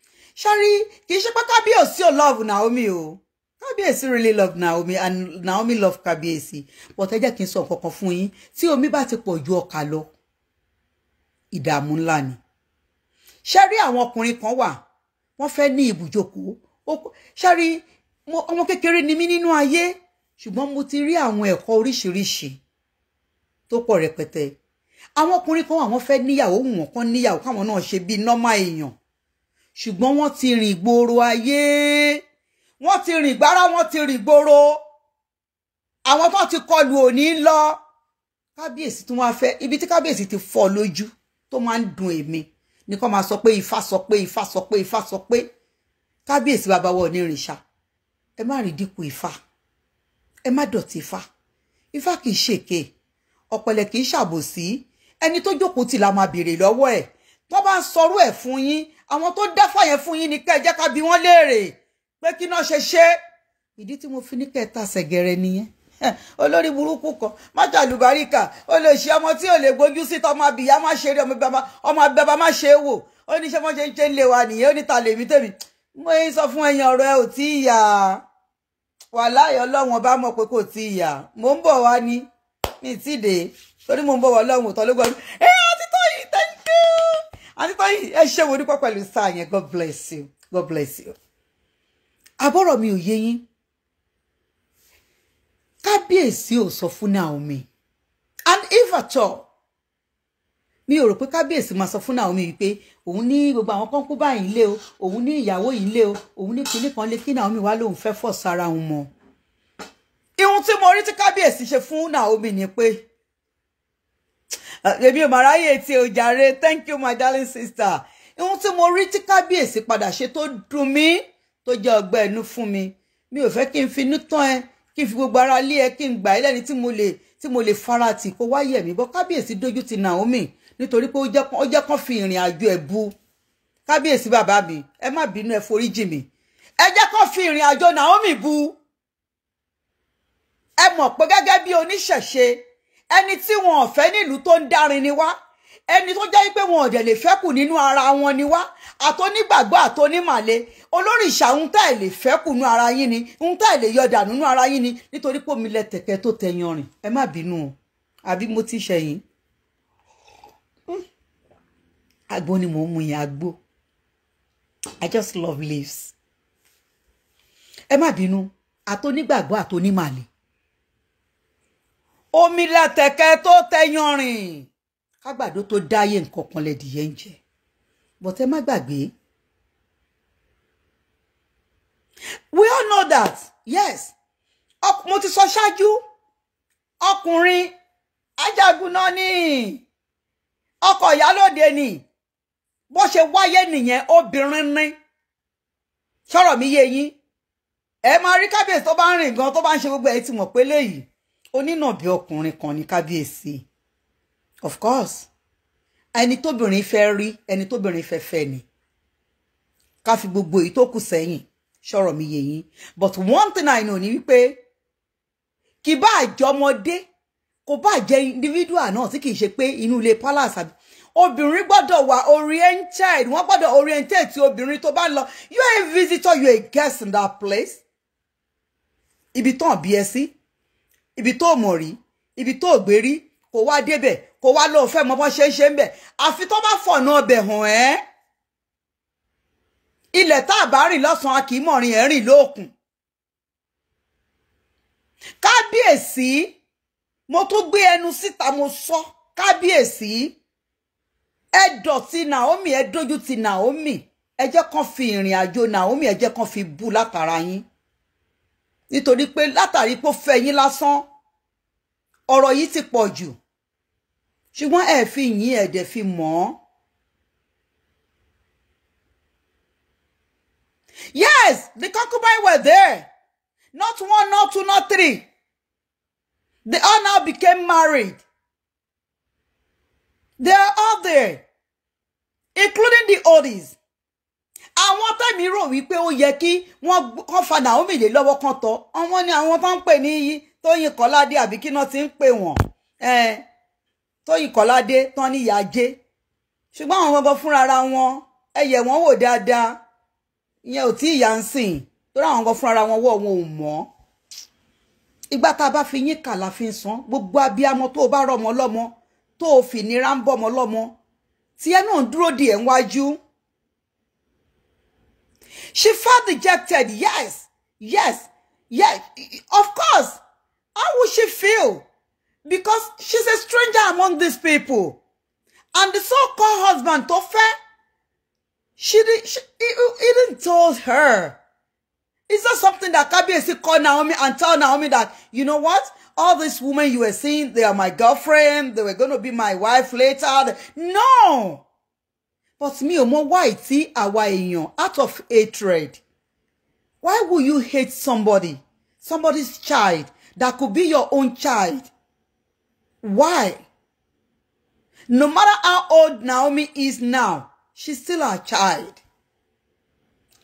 sọ́rí kì í ṣe pé kábíyèsí ò love Naomi o kábíyèsí really love Naomi and Naomi love kábíyèsí but ẹ jẹ́ kí n sọ nǹkan kan fún yín tí omi bá ti pọ̀ ju ọkà lọ ìdààmú ńlá ni ṣẹ́rí àwọn ọkùnrin kan wà wọ́n fẹ́ ní ibùjókòó ṣẹ́rí ọmọ kékeré ni mí nínú ayé ṣùgbọ́n mo ti rí àwọn ẹ̀kọ́ oríṣiríṣi tó pọ̀ rẹpẹtẹ àwọn ọkùnrin kan wà wọ́n fẹ́ níyàwó wù wọ́n kán níyàwó káwọn náà ṣe bíi nọ́mà èèyàn ṣùgbọ́n wọ́n ti rìn gbòòrò ayé wọ́n ti rìn gbára wọ́n ti rìn gbòòrò àwọn tó ti kọlù òní lọ kábíyèsí tí wọ́n fẹ́ ibi tí kábíyèsí ti fọ́ lójú tó máa ń dùn èmi ní kó máa sọ pé ifá sọ pé ifá sọ pé ifá sọ pé kábíyèsí bàbá wọ ní rìnṣà ẹ má rìn dínkù ifá ẹ má dọ̀tí ifá ifá kì í ṣèké ọ̀pẹ̀lẹ̀ kì í ṣàbòsí ẹni tó jókòó tì la máa béèrè lọ́wọ́ ẹ̀ tó bá ń sọrú ẹ̀ fún yín àwọn tó dáfà yẹn fún yín ni kẹ́ ẹ jẹ́ ká bi wọ́n léèrè pé kí náà ṣe ṣe ìdí tí mo fi ní kẹ́ ẹ ta sẹ̀gẹ̀rẹ̀ nìyẹn olórí burúkú kan májà àlùbáríkà ó lè ṣe ọmọ tí ò lè gbójú síta ọmọ abìyá má ṣe rí ọmọ abẹ́bá má ṣe é wò ó ní ṣe wọ́n ṣe ń ṣe ń lè wa nìyẹn ó ní ta lèmi tèmi mo yín sọ fún ẹ̀yin ọ̀rọ̀ ẹ ò tí ì yà wàláhì Ọlọ́run ọba mọ̀ pé kò tí ì yà mò ń bọ̀ wá ní mi ti torí mò ń bọ̀ wá Ọlọ́run ò tọ́ ló gbọ́ ẹ ọtí tó thank you àti Tóyìn ẹ ṣe wo nípa pẹ̀lú sáà yẹn God bless you God bless you àbọ̀rọ̀ mi ò yé yín kábíyèsí ò sọ fún Naomi and if at all mi ò rò pé kábíyèsí máa sọ fún Naomi wípé òun ní gbogbo àwọn kan kú báyìí lé o òun ní ìyàwó yìí lé o òun ní kinní kan lé kí Naomi wá lóun fẹ́ fọ̀ sára òun mọ́ ihun tí mo rí tí kábíyèsí ṣe fún Naomi ni pé èmi ò máa tí o jàre thank you my darling sister ohun tí mo rí tí kábíyèsí padà ṣe tó dùn mí tó jẹ́ ọgbẹ́ inú fún mi mi ò fẹ́ kí n finú tán ẹ kí n fi gbogbo ara lé ẹ kí n gbà ẹ lẹ́ni tí mo lè tí mo lè fara tì kó wáyé mi bọ́ kábíyèsí dojú ti Naomi nítorí pé ó jẹ́ kán fi ìrìn àjò ẹ̀ bu kábíyèsí bàbá mi ẹ má bínú ẹ foríjì mi ẹ jẹ́ kán fi ìrìn àjò Naomi bu ẹ mọ̀ pé gẹ́gẹ́ bí oníṣẹ̀ṣe ẹni tí wọn ò nílùú tó ń dárin ni wá ẹni tó jẹ́ pé wọn ò dẹ̀ lè fẹ́kù nínú ara wọn ni wá àtọ́nígbàgbọ́ àtọ́nímàlẹ́ olórìṣà ń tà ẹ̀ lè fẹ́kù nínú ara yín ni ń tà ẹ̀ lè yọ̀dà nínú ara yín ni nítorí pé omi tó tẹ̀yàn rìn ẹ má bínú o àbí mo ti ṣẹ̀yìn hmm. agbo ni mo ń mu yẹn agbo I just love leaves ẹ má bínú àtọ́nígbàgbọ́ àtọ́nímàlẹ́ omi látẹ̀kẹ́ tó tẹ yanrìn kágbàdo tó dáyé nǹkan kan lẹ́dìyẹ ń jẹ bọ́tẹ́ má gbàgbé. we all know that yes mo ti sọ ṣáájú ọkùnrin ajagun náà ni ọkọ ìyálóde ni bó ṣe wáyé nìyẹn obìnrin ni sọ̀rọ̀ mi yé yín ẹ máa rí kábíyèsí tó bá ń rìn gan tó bá ń ṣe gbogbo ẹ̀ ti mọ̀ pé léyìí onínàbí ọkùnrin kan ní kábíyèsí of course ẹni tóbìnrin fẹ́ rí ẹni tóbìnrin fẹ́ fẹ́ ni ká fi gbogbo èyí tó kù sẹ́yìn ṣọ̀rọ̀ mi yé yín but one thing I know ni wípé kì bá àjọ ọmọdé kò bá jẹ́ individual náà tí kì í ṣe pé inú ilé palace àbí obìnrin gbọ́dọ̀ wà oriented wọ́n gbọ́dọ̀ orientate obìnrin tó bá lọ you are a visitor you are a guest in that place ibi tán bí ẹ sí ibi tó mọ̀ rí ibi tó gbé rí kò wá débẹ̀ kò wá lóun fẹ́ mọ bó ṣe ń ṣe ń bẹ̀ àfi tó bá fọ̀nà ọbẹ̀ hàn ẹ́ ilẹ̀ tá a bá rìn lọ́sàn-án a kì í mọ̀rin ẹ̀ rìn lóòkùn kábíyèsí mo tún gbé ẹnu síta mo sọ kábíyèsí ẹ dọ̀tí Naomi ẹ dójú ti Naomi ẹ jẹ́ kán fi ìrìn àjò Naomi ẹ jẹ́ kán fi bú látara yín nítorí pé látàrí pé ó fẹ́ yín lásán ọ̀rọ̀ yìí ti pọ̀ jù ṣùgbọ́n ẹ fi yín ẹ̀dẹ̀ fi mọ̀ ọ́. Yes, the concubines were there. Not one, not two, not three. They all now became married. They are all there, including the oldies àwọn tẹ́mi rò wípé ó yẹ kí wọ́n fa Naomi lé lọ́wọ́ kan tọ́ àwọn ni àwọn tó ń pè ní Tóyìn Kọ́ládé àbí kí náà ti ń pè wọ́n Tóyìn Kọ́ládé tán ní ìyá ajé ṣùgbọ́n àwọn gbọ́ngàn fúnra wọn ẹyẹ wọn wò dáadáa ìyẹn ò tí ìyá ń sìn torí àwọn gbọ́ngàn fúnra wọn wọ̀ wọn ò mọ́ ìgbà tá a bá fi yín kà la fi ń san gbogbo abiyamọ tó o bá rọmọ lọ́mọ tó o fìnira ń bọ́mọ lọ́mọ tiẹ̀ náà dúró di ẹ̀ ń wájú She felt rejected. Yes. Yes. Yes. Of course. How would she feel? Because she's a stranger among these people. And the so-called husband, Tofe, she, she he, he didn't told her. It's not something that Kabiesi called Naomi and tell Naomi that, you know what? All these women you were seeing, they are my girlfriend. They were going to be my wife later. No. but me, ò mọ why tí àwa èèyàn out of hatred why would you hate somebody somebody's child that could be your own child why no matter how old Naomi is now she's still her child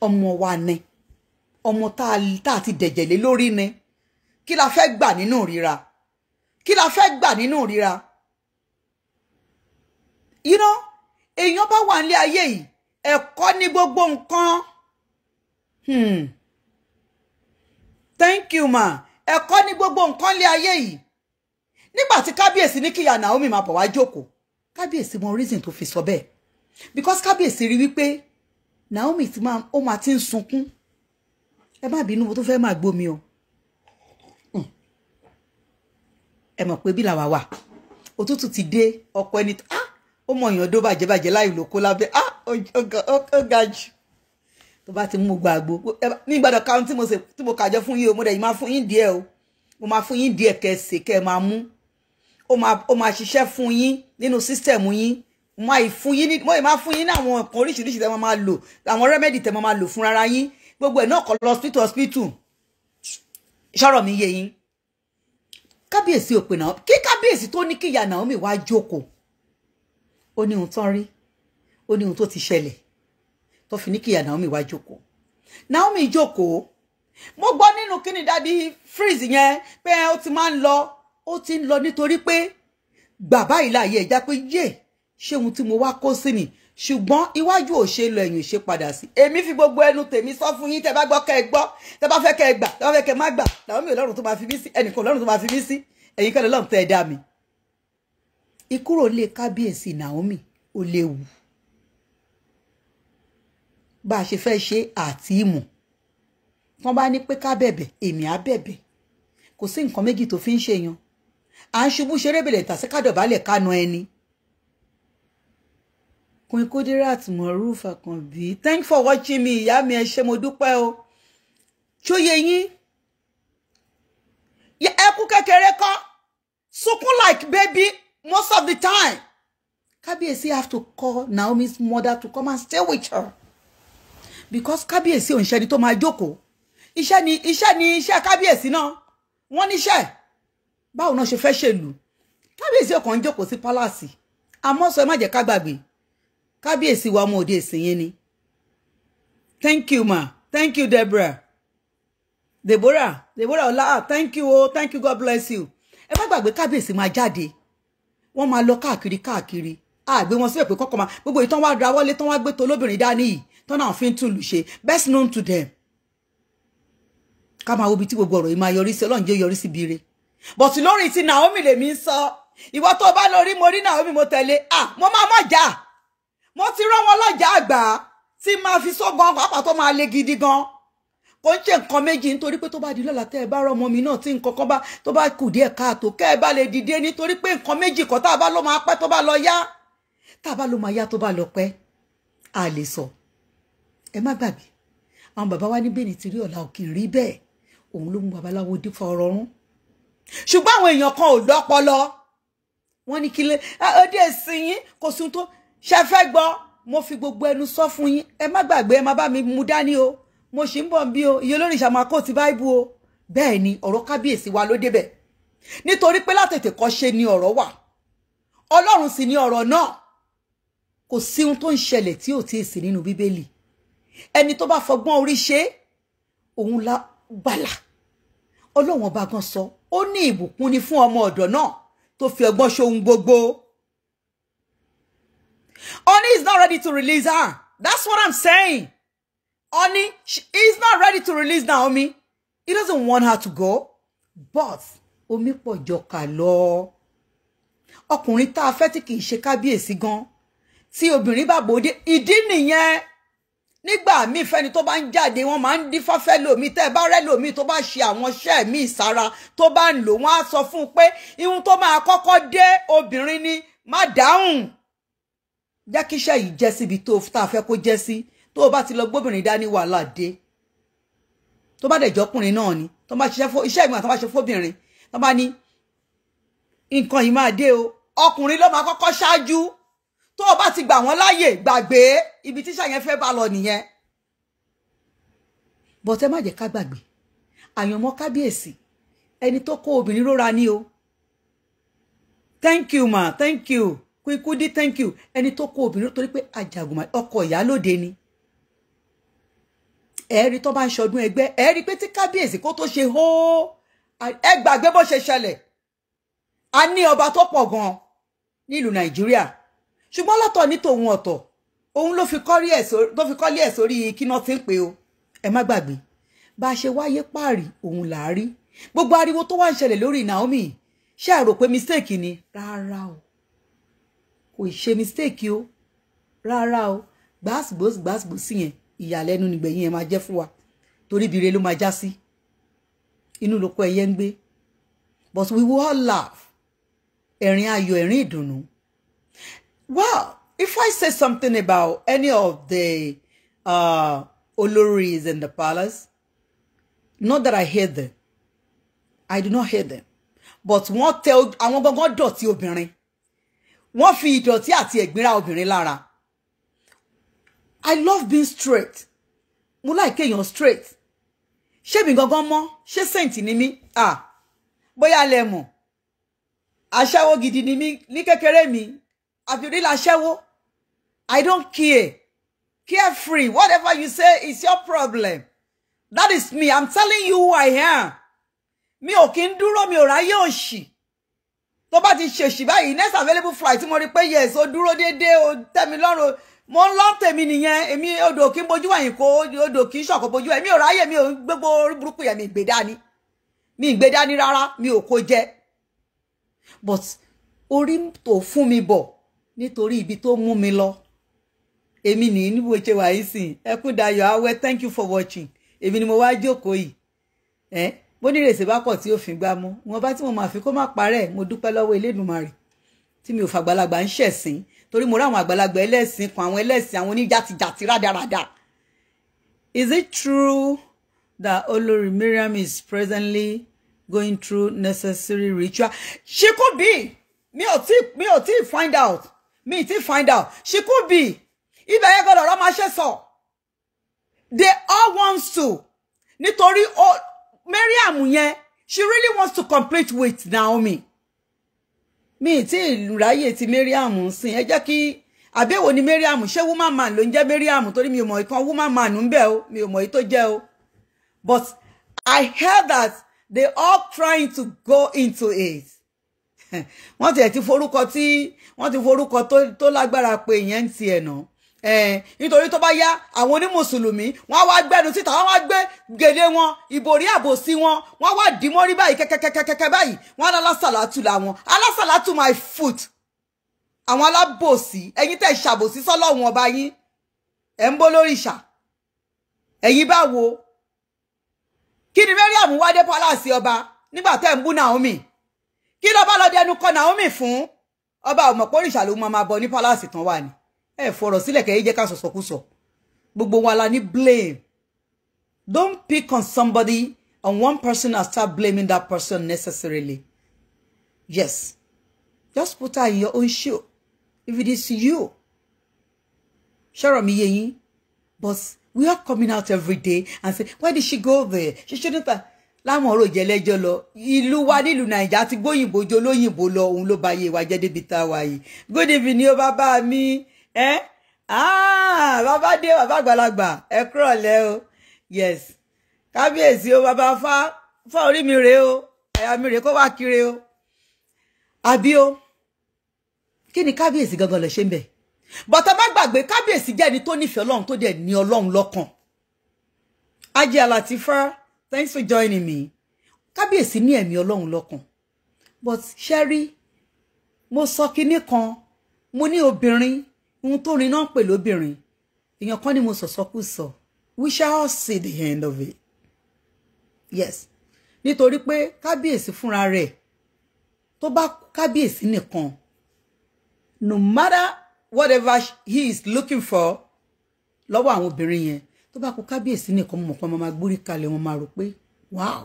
ọmọ wa ni ọmọ tá a ti dẹ̀jẹ̀ lé lórí ni kí la fẹ́ gbà nínú ríra kí la fẹ́ gbà nínú ríra you know èèyàn bá wà nílé ayé yìí ẹ̀kọ́ ní gbogbo nǹkan hmm. thank you ma ẹ̀kọ́ ní gbogbo nǹkan nílé ayé yìí nígbà tí kábíyèsí ní kíyà Naomi máa bọ̀ wá jókòó kábíyèsí mọ reason tó fi sọ bẹ́ẹ̀ because kábíyèsí rí wípé Naomi ti máa ó máa ti ń sunkún ẹ má bínú mo tó fẹ́ máa gbómi o hmm. ẹ mọ̀ pé bí làwa wà òtútù ti dé ọkọ ẹni tó ah ó mọ èèyàn dó bàjẹ́ bàjẹ́ láì ló kó lábẹ́ ah ó ga jù tó bá ti mú gbàgbó ní ìgbàdàn kan tí mo ṣe tí mo kàjọ fún yín o mo dẹ̀ yìí máa fún yín díẹ̀ o mo máa fún yín díẹ̀ kẹ́ ẹ sè kẹ́ ẹ máa mú ó máa ó máa ṣiṣẹ́ fún yín nínú sísítẹ̀mù yín mo máa fún yín ní mo máa fún yín ní àwọn nǹkan oríṣiríṣi tẹ́ mo máa lò àwọn rẹ́mẹ́dì tẹ́ mo máa lò fúnra ara yín gbogbo ẹ̀ náà kọ́ lọ hospital hospital sọ̀rọ̀ mi yé yín kábíyèsí òpin náà kí kábíyèsí tó ní kíyà Naomi wá jókòó ó ní ohun tán rí ó ní ohun tó ti ṣẹlẹ̀ tó fi ní kíyà Naomi wá jókòó Naomi jókòó mo gbọ́ nínú kíni dáàdi freeze yẹn pé ó ti máa ń lọ ó ti ń lọ nítorí pé bàbá ìlà ayé ẹja pé yé ṣé ohun tí mo wá kó sí ni ṣùgbọ́n iwájú ò ṣe lọ ẹ̀yìn ṣe padà sí èmi fi gbogbo ẹnu tèmi sọ fún yín tẹ bá gbọ́ kẹ ẹ gbọ́ tẹ bá fẹ́ kẹ ẹ gbà tẹ bá fẹ́ kẹ ẹ má gbà Naomi ọlọ́run tó máa fi mí sí ẹnìkan ọlọ́run tó máa fi mí sí ẹ̀yin kẹ́lẹ́ ọlọ́run tẹ ẹ dá mi ìkúrò lé kábíyèsí Naomi ó léwu bá a ṣe fẹ́ ṣe àti ìmọ̀ wọ́n bá ní pé ká bẹ̀bẹ̀ èmi á bẹ̀bẹ̀ kò sí nǹkan méjì tó fi ń ṣèyàn à ń ṣubú ṣeré tàṣí kádọ̀bálẹ̀ kánú ẹni. Queen Kudirat Moruf Akanbi thank for watching me ìyá mi ẹ ṣé mo dúpẹ́ o ṣóye yín ẹkú kékeré kan sunkún like baby most of the time. Kábíyèsí have to call Naomi's mother to come and stay with her. Because Kábíyèsí ò ń ṣe ni tó máa jókòó. Iṣẹ́ ni iṣẹ́ ni iṣẹ́ Kábíyèsí náà. Wọ́n níṣẹ́. Báwo náà ṣe fẹ́ ṣèlú? Kábíyèsí ò kàn ń jókòó sí pálásì. Àmọ́ sọ ẹ má jẹ́ ká gbàgbé. Kábíyèsí wa ọmọ òde ìsìn yẹn ni. Thank you ma. Thank you Deborah. Deborah Deborah Ola thank you oh, thank you God bless you. Ẹ má gbàgbé Kábíyèsí máa jáde wọ́n máa lọ káàkiri káàkiri àgbé wọn síbẹ̀ pé kọ́kọ́ máa gbogbo ìtàn wá ra wọlé tán wá gbé tolóbìnrin dání yìí tán náà fi ń tún lù ṣe best known to them ká máa wo ibi tí gbogbo ọ̀rọ̀ yìí máa yọrí sí ọlọ́run jẹ́ yọrí sí ibi but lórí ti Naomi lèmi ń sọ ìwọ tó o bá lórí mo rí Naomi mo tẹ̀lé ah mo máa mọ̀já mo ti rán wọn lọ́jà àgbà tí máa fi sógan pápá tó máa le gidi gan-an kò ń ṣe nǹkan méjì nítorí pé tó bá di lọ́la tẹ́ ẹ bá rọ ọmọ mi náà tí nǹkan kan bá tó bá kù díẹ̀ káàtó kẹ́ ẹ bá lè dìde nítorí pé nǹkan méjì kan tá a bá lọ máa pẹ́ tó bá lọ yá tá a bá lọ máa yá tó bá lọ pẹ́ a lè sọ ẹ má gbàgbé àwọn bàbá wa ní bẹ́ẹ̀ ni ti rí ọ̀la òkè rí bẹ́ẹ̀ òun ló mú babaláwo dín fọ̀rọ̀ rún ṣùgbọ́n àwọn èèyàn kan ò lọ́pọlọ wọ́n ní kílé ọdẹ ẹ̀sìn yín kò sùn tó ṣe fẹ́ gbọ́ mo fi gbogbo ẹnu sọ fún yín ẹ má gbàgbé ẹ má bá mi mú dání o mo ṣì ń bọ̀ bí o iye olórin ìṣàmàkó ti báìbù o bẹ́ẹ̀ ni ọ̀rọ̀ kábíyèsí wa ló débẹ̀ nítorí pé látètè kọ́ ṣe ni ọ̀rọ̀ wà ọlọ́run sì ni ọ̀rọ̀ náà kò sí ohun tó ń ṣẹlẹ̀ tí ò tíì sí nínú bíbélì ẹni tó bá fọgbọ́n orí ṣe òun la gbàlà ọlọ́run ọba gan sọ ó ní ìbùkún ni fún ọmọ ọ̀dọ̀ náà tó fi ọgbọ́n ṣohun gbogbo Oni is not ready to release her that's what I'm saying. Oni, she is not ready to release Naomi. He doesn't want her to go. But, omi pọ̀ Joka lo, Ọkùnrin tá a fẹ́ tí kìí ṣe kábíyèsí gan. Tí obìnrin bá bòde, ìdí nìyẹn. Nígbà míì fe tó bá ba jáde, wọ́n máa ń dífá fẹ́ lòmíì. Tẹ́ ẹ bá rẹ́ lòmíì tó bá ṣe àwọn iṣẹ́ míì sára tó bá ń lò wọ́n á sọ fún un pé ihun tó ni má dáhùn. Jẹ́ kíṣẹ́ yìí jẹ́ síbi tó tá a fẹ́ kó jẹ́ sí. Si tó o bá ti lọ gbóbìnrin dání wàhálà dé tó bá dẹ̀ jọkùnrin náà ni tó bá ṣiṣẹ́ fún iṣẹ́ ìgbìmọ̀ tó bá ṣe fóbìnrin tó bá ní nǹkan yìí máa dé o ọkùnrin ló máa kọ́kọ́ ṣáájú tó o bá ti gbà wọ́n láàyè gbàgbé ibi tíṣà yẹn fẹ́ bá lọ nìyẹn bọ́tẹ́ má jẹ́ ká gbàgbé àyànmọ́ kábíyèsí ẹni tó kó obìnrin rọra ní o thank you ma thank you kúikú dí thank you ẹni tó kó obìnrin torí pé àjàgùnmá ọkọ ìyálòde ni ẹ̀ẹ́rí tó bá ń ṣọdún ẹgbẹ́ ẹ̀ẹ́rí pé tí kábíyèsí kó tó ṣe hóó ẹ gbàgbé bó ṣe ṣẹlẹ̀ a ní ọba tó pọ̀ gan-an nílùú nàìjíríà ṣùgbọ́n lọ́tọ̀ ní tòun ọ̀tọ̀ òun ló fi kọ́lé ẹ̀ sórí kíná tí ń pe o ẹ má gbàgbé bá a ṣe wáyé páàrí òun là á rí gbogbo ariwo tó wá ń ṣẹlẹ̀ lórí Naomi ṣé àrò pé mistake ni rárá o kò ṣe mistake o rárá o gbàsgbòsgbàsgbòsì yẹn ìyàlẹ́nu nìgbẹ̀yìn ẹ̀ máa jẹ́ fún wa torí ibire ló máa já sí inú lóko ẹyẹ ń gbé but we will all laugh ẹ̀rín ayọ̀ ẹ̀rín ìdùnnú well if I say something about any of the uh, oloris in the palace not that I hate them I do not hate them but wọ́n tẹ àwọn gbọ́ngàn dọ̀tí obìnrin wọ́n fi ìdọ̀tí àti ẹ̀gbìnrà obìnrin lára I love being straight. Mo like èèyàn straight. Ṣé mi gangan mọ́? Ṣé saint ni mí? Ah, Boya lẹ mọ̀. Aṣẹ́wó gidi ni mí ní kékeré mi. Àfìrí la ṣẹ́wó. I don't care. Carefree. Whatever you say is your problem. That is me. I'm telling you who I am. Mi ò kí ń mi ò ráyè òṣì tó bá ti ṣèṣì báyìí next available flight mo rí pé yes o dúró déédéé o tẹ́mi lọ́rùn mo ń lọ tèmi nìyẹn èmi odò kí n bojú ẹ̀yìn kó odò kí n ṣọ̀kọ̀ bojú ẹ̀ mi ò ráyè mi ò gbégbó burúkú yẹn mi ìgbé dání mi ìgbé dání rárá mi ò kó jẹ but orí tó fún mi bọ̀ nítorí ibi tó mú mi lọ èmi nìyí níbo ṣe wà yìí sìn ẹkún dayọ̀ awẹ́ thank you for watching èmi ni mo wá jókòó yìí ẹ bó ní ìrèsè bá pọ̀ tí ó fi gbá mú wọn bá tí mo máa fi kó má parẹ́ mo dúpẹ́ lọ́wọ́ Elédùmarè tí mi ò fàgbàlagbà ń ṣẹ̀sìn torí mo rí àgbàlagbà ẹlẹ́sìn kan àwọn ẹlẹ́sìn àwọn oníjàtijàti rádaràda is it true that Olori Mariam is presently going through necessary ritual she could be mi ò tí mi ò tí find out mi ti find out she could be ibẹ̀ yẹn gbọ́dọ̀ ọ̀rọ̀ máa sọ they all wants to nítorí Mariam yẹn she really wants to complete with Naomi mi tí ìlú ráyè ti mariam ń sìn ẹ jẹ́ kí àbẹ̀wò ni mariam ṣé woman man ló ń jẹ́ mariam torí mi ò mọ̀ ìkan woman man ń bẹ̀ o mi ò mọ̀ èyí tó jẹ́ o but I heard that they all trying to go into it wọ́n tiẹ̀ ti forúkọ tí wọ́n ti forúkọ tó lágbára pé ìyẹn ń tiẹ̀ náà Eh, nítorí tó bá yá àwọn onímùsùlùmí wọn á wá gbẹnu síta wọn á wá gbé gèlè wọn ìbòrí àbòsí wọn wọn á wá dìímọ́ rí báyìí kẹ́kẹ́kẹ́kẹ́kẹ́ báyìí wọn á làwọn alásàlátù my foot àwọn alábòsí ẹ̀yin tẹ̀ ṣàbòsí sọ́lọ́hún ọba yín ẹ̀ ń bó lórí ìṣà ẹ̀yin báwo kí ni Mariam wá dé palace ọba nígbà tẹ́ ń bú Naomi kí lọ́ba lọ́dẹ ẹnu kọ Naomi fún ọba òmọ̀pọ̀ òrìṣà ló máa bọ ní palace tán wà ní ẹ fọ̀rọ̀ sílẹ̀ kẹ́ ẹ jẹ́ ká sọ̀sọ̀kúsọ gbogbo wa la ní blame don't pick on somebody and one person and start blaming that person necessarily yes just put her in your own shoe if it is you ṣọ̀rọ̀ mi yé yín but we are coming out every day and say why did she go there she shouldn't have láwọn ọ̀rọ̀ ìjẹ́lẹ́jọ́ lọ ìlú wa nílùú nàìjíríà ti gbóyìnbó jọ lóyìnbó lọ òun ló ba yé wa jẹ́ débi tá a wà yìí good evening ó bá bá mi ẹ eh? ah, bàbá dé bàbá àgbàlagbà ẹ kúrọ̀ lẹ́ o yes kábíyèsí o bàbá fá fá orí mi rèé o àyà mi rèé kó wá kiri o àbí o kí ni kábíyèsí gangan lè ṣe ń bẹ̀ bọ́tọ̀ má gbàgbé kábíyèsí jẹ́ ẹni tó nífẹ̀ẹ́ ọlọ́run tó dẹ̀ ní ọlọ́run lọ́kàn ajé alatifa thanks for joining me kábíyèsí ní ẹ̀mí ọlọ́run lọ́kàn but ṣẹ́rí mo sọ kinní kan mo ní obìnrin ohun tó rin náà pè lóbìnrin èèyàn kan ni mo sọ̀sọ́kù sọ we shall see the end of it yes nítorí pé kábíyèsí fúnra rẹ̀ tó bá kábíyèsí nìkan no matter whatever he is looking for lọ́wọ́ àwọn obìnrin yẹn tó bá kú kábíyèsí nìkan mọ̀ pé máa gbórí kalẹ̀ wọn máa rò pé wow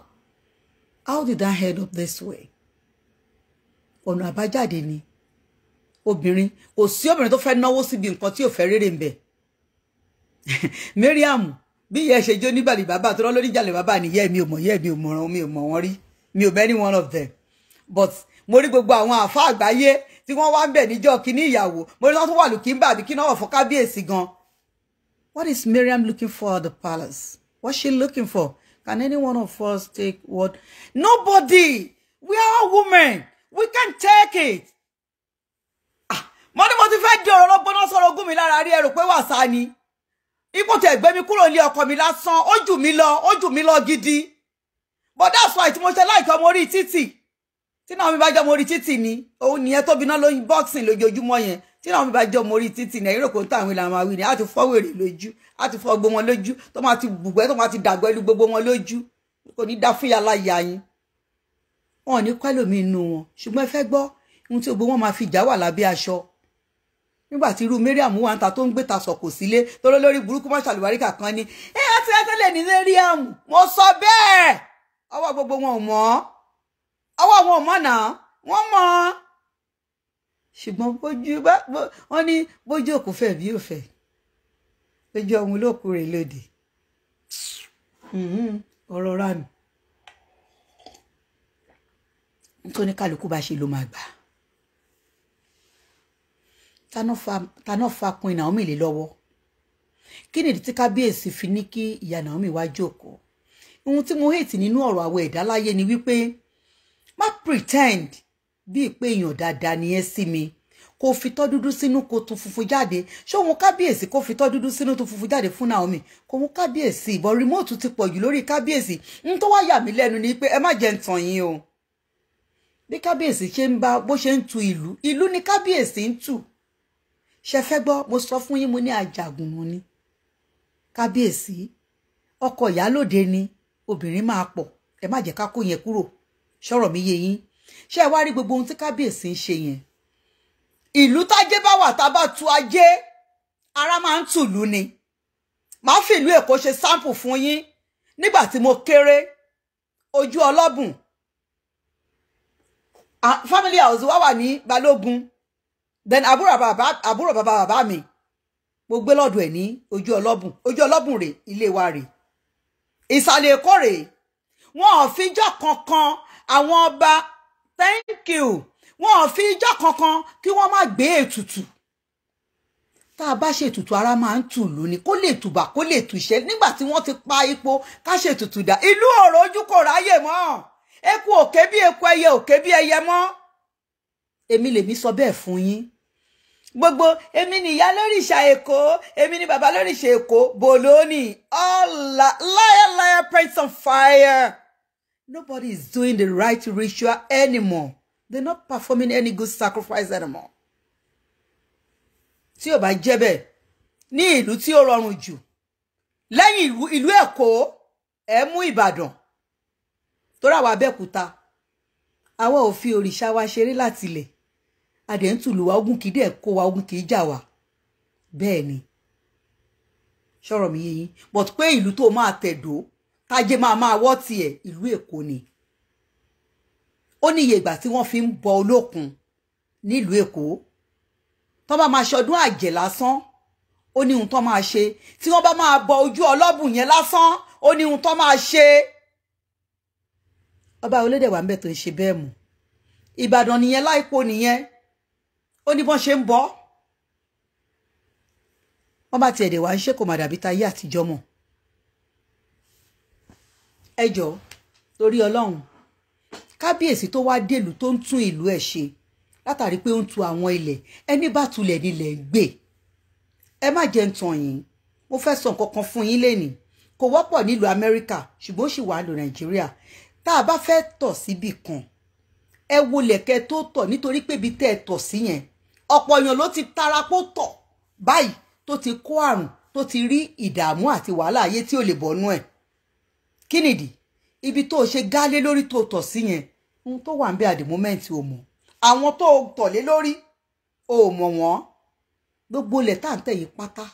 how did I head up this way ọ̀nà àbájáde ni obìnrin kò sí obìnrin tó fẹ́ náwó síbi nǹkan tí ò fẹ́ rere ń bẹ̀ Mariam bí ìyá ẹ ṣe jó nígbàlè bàbá tó rán lórí ìjàlè bàbá ni yẹ mi ò mọ̀ yẹ mi ò mọ̀ mi ò mọ̀ wọn rí mi ò bẹ ní one of them but mo rí gbogbo àwọn àfa àgbáyé tí wọ́n wá ń bẹ̀ níjọ́ kínní ìyàwó mo rí lọ́tún wà lù kí n bà bí kí n náwó fún kábíyèsí gan. What is Mariam looking for at the palace? What she looking for? Can any one of us take what? Nobody. We are women. We can take it. mo ní mo ti fẹ́ di ọ̀rọ̀ lọ́gbọ́ná sọ̀rọ̀ ogún mi lára rí ẹrù pé wàsá ni ipò tẹ̀ gbé mi kúrò ní ọkọ mi lásán ó jù mí lọ ó jù mí lọ gidi but that's why tí mo ṣe láìpẹ́ mo rí títì tí náà mi bá jẹ́ mo rí títì ni òun nìyẹn tó biná lóyún boxing lójoojúmọ́ yẹn tí náà mi bá jẹ́ mo rí títì ni ẹ̀yìn rò kó ń táwọn ìlànà àwìn ni á ti fọ́ wèrè lójú á ti fọ́ gbogbo wọn lójú tó máa ti bùgbẹ́ tó máa ti dàgbẹ́ lu gbogbo wọn lójú kò ní dá fúyà láyà yín wọn ò ní pẹ́ lómi inú wọn ṣùgbọ́n ẹ fẹ́ gbọ́ ohun tí gbogbo wọn máa fi jà wà lábẹ́ aṣọ nígbà tí irú mariam wà ń ta tó ń gbé ta sọ̀kò sílé tọ́lọ́ lórí burúkú má ṣàlùbáríkà kan ni ẹ á ti rẹ́tẹ́lẹ̀ ní mariam mo sọ bẹ́ẹ̀ ọwọ́ gbogbo wọn ò mọ̀ ọwọ́ wọn ò mọ̀ náà wọ́n mọ̀ ṣùgbọ́n bójú wọ́n ní bójú òkú fẹ̀ bí òfẹ́ lójú ọ̀hún ló kú rè lóde ọ̀rọ̀ mm-hmm. ránù nítorí kálukú bá ṣe ló máa gbà á taná fa Queen Naomi lé lọ́wọ́ kí nìdí tí kábíyèsí fi ní kí ìyá Naomi wá jókòó ohun tí mo hate nínú ọ̀rọ̀ àwọn ẹ̀dá láyé ni wípé má pretend bíi pé èèyàn dáadáa ni ẹ sí mi kò fi tọ́ dúdú sínú kò tún funfun jáde ṣé òun kábíyèsí kò fi tọ́ dúdú sínú tún funfun jáde fún Naomi kò mú kábíyèsí ìbọn rímọ́ọ̀tù ti pọ̀ jù lórí kábíyèsí n tó wá yà mí lẹ́nu ni pé ẹ má jẹ́ ń tàn yín o bí kábíyèsí ṣe ń bá bó ṣe ń tu ìlú ìlú ni kábíyèsí ń tù ṣe fẹ́ gbọ́ mo sọ fún yín mo ní àjàgùnmu ni kábíyèsí ọkọ ìyálòde ni obìnrin máa pọ̀ ẹ má jẹ́ ká kó yẹn kúrò ṣọ̀rọ̀ mi yé yín ṣé ẹ wá rí gbogbo ohun tí kábíyèsí ń ṣe yẹn ìlú tájé bá wà tá a bá tu ajé ara máa ń tùlú ni màá fi ìlú èkó ṣe sáǹpù fún yín nígbà tí mo kéré ojú ọlọ́bùn ah, family house wá wà ní balógun then àbúrò bàbá àbúrò bàbá bàbá mi mo gbé lọ́dọ̀ ẹ̀ ní ojú ọlọ́bùn ojú ọlọ́bùn rè ilé wa rè ìsàlẹ̀ èkó rè wọn ò fi ijọ́ kankan àwọn ọba thank you wọn ò fi ijọ́ kankan kí wọ́n má gbé ètùtù tá a bá ṣètùtù ara máa ń tù lù ní kó lè tùbà kó lè tùṣẹ́ nígbà tí wọ́n ti pa ipò ká ṣètùtù dà ìlú òròjú kò ráyè mọ́ eku òkè bí eku ẹyẹ òkè bí ẹyẹ mọ́ èmi lèmi sọ bẹ́ẹ̀ fún yín gbogbo èmi ni ìyá lórìṣà èkó èmi ni bàbá lórìṣà èkó bolóni all liar liar praise on fire nobody is doing the right ritual anymore they're not performing any good sacrifice anymore tí ò bá jẹ́ bẹ́ẹ̀ ní ìlú tí ó rọrùn jù lẹ́yìn ìlú èkó ẹ mú ìbàdàn tó rà wá abẹ́òkúta àwa ò fi òrìṣà wa ṣeré látilẹ̀ adẹ̀ ń tùlù wa ogun kì í dẹ̀ kó wa ogun kì í jà wá bẹ́ẹ̀ ni ṣọ̀rọ̀ mi yé yín but pé ìlú tó máa tẹ̀dó tájé máa máa wọ́ tiẹ̀ ìlú èkó ni ó ní iye ìgbà tí wọ́n fi ń bọ olókun nílùú èkó tó bá máa ṣọdún àjẹ́ lásán ó ní ohun tó máa ṣe tí wọ́n bá máa bọ ojú ọlọ́bù yẹn lásán ó ní ohun tó máa ṣe ọba olódẹ̀wà ń bẹ̀ tó ń ṣe bẹ́ẹ̀ mú ìbàdàn nìyẹn láìpọ̀ nìyẹn ó ní bọ́n ṣe ń bọ́ wọ́n bá tiẹ̀ dé wá ń ṣe kò má dàbí táyé àtijọ́ mọ̀ ẹ jọ torí ọlọ́run kábíyèsí tó wá dèlù tó ń tún ìlú ẹ̀ ṣe látàrí pé ó ń tu àwọn ilẹ̀ ẹni bá tulẹ̀ nílẹ̀ gbé ẹ má jẹ́ ń tàn yín mo fẹ́ sọ nǹkan fún yín lénìí kò wọ́pọ̀ nílùú amẹ́ríkà ṣùgbọ́n ó sì wà lò nàìjíríà tá a bá fẹ́ tọ̀ síbì kan ẹ wo lẹ̀kẹ́ tó tọ̀ nítorí pé ibi tẹ́ ẹ tọ̀ sí yẹn ọ̀pọ̀ èèyàn ló ti tarapó tọ̀ báyìí tó ti kó àrùn tó ti rí ìdààmú àti wàhálà ayé tí ò lè bọ́nú ẹ̀ kí nìdí ibi tó o ṣe gálé lórí tó tọ̀ sí yẹn ohun tó wà ń bẹ at ò mọ̀ àwọn tó o tọ̀ lé lórí ò mọ̀ wọ́n gbogbo ilẹ̀ tá à ń tẹ̀ yìí pátá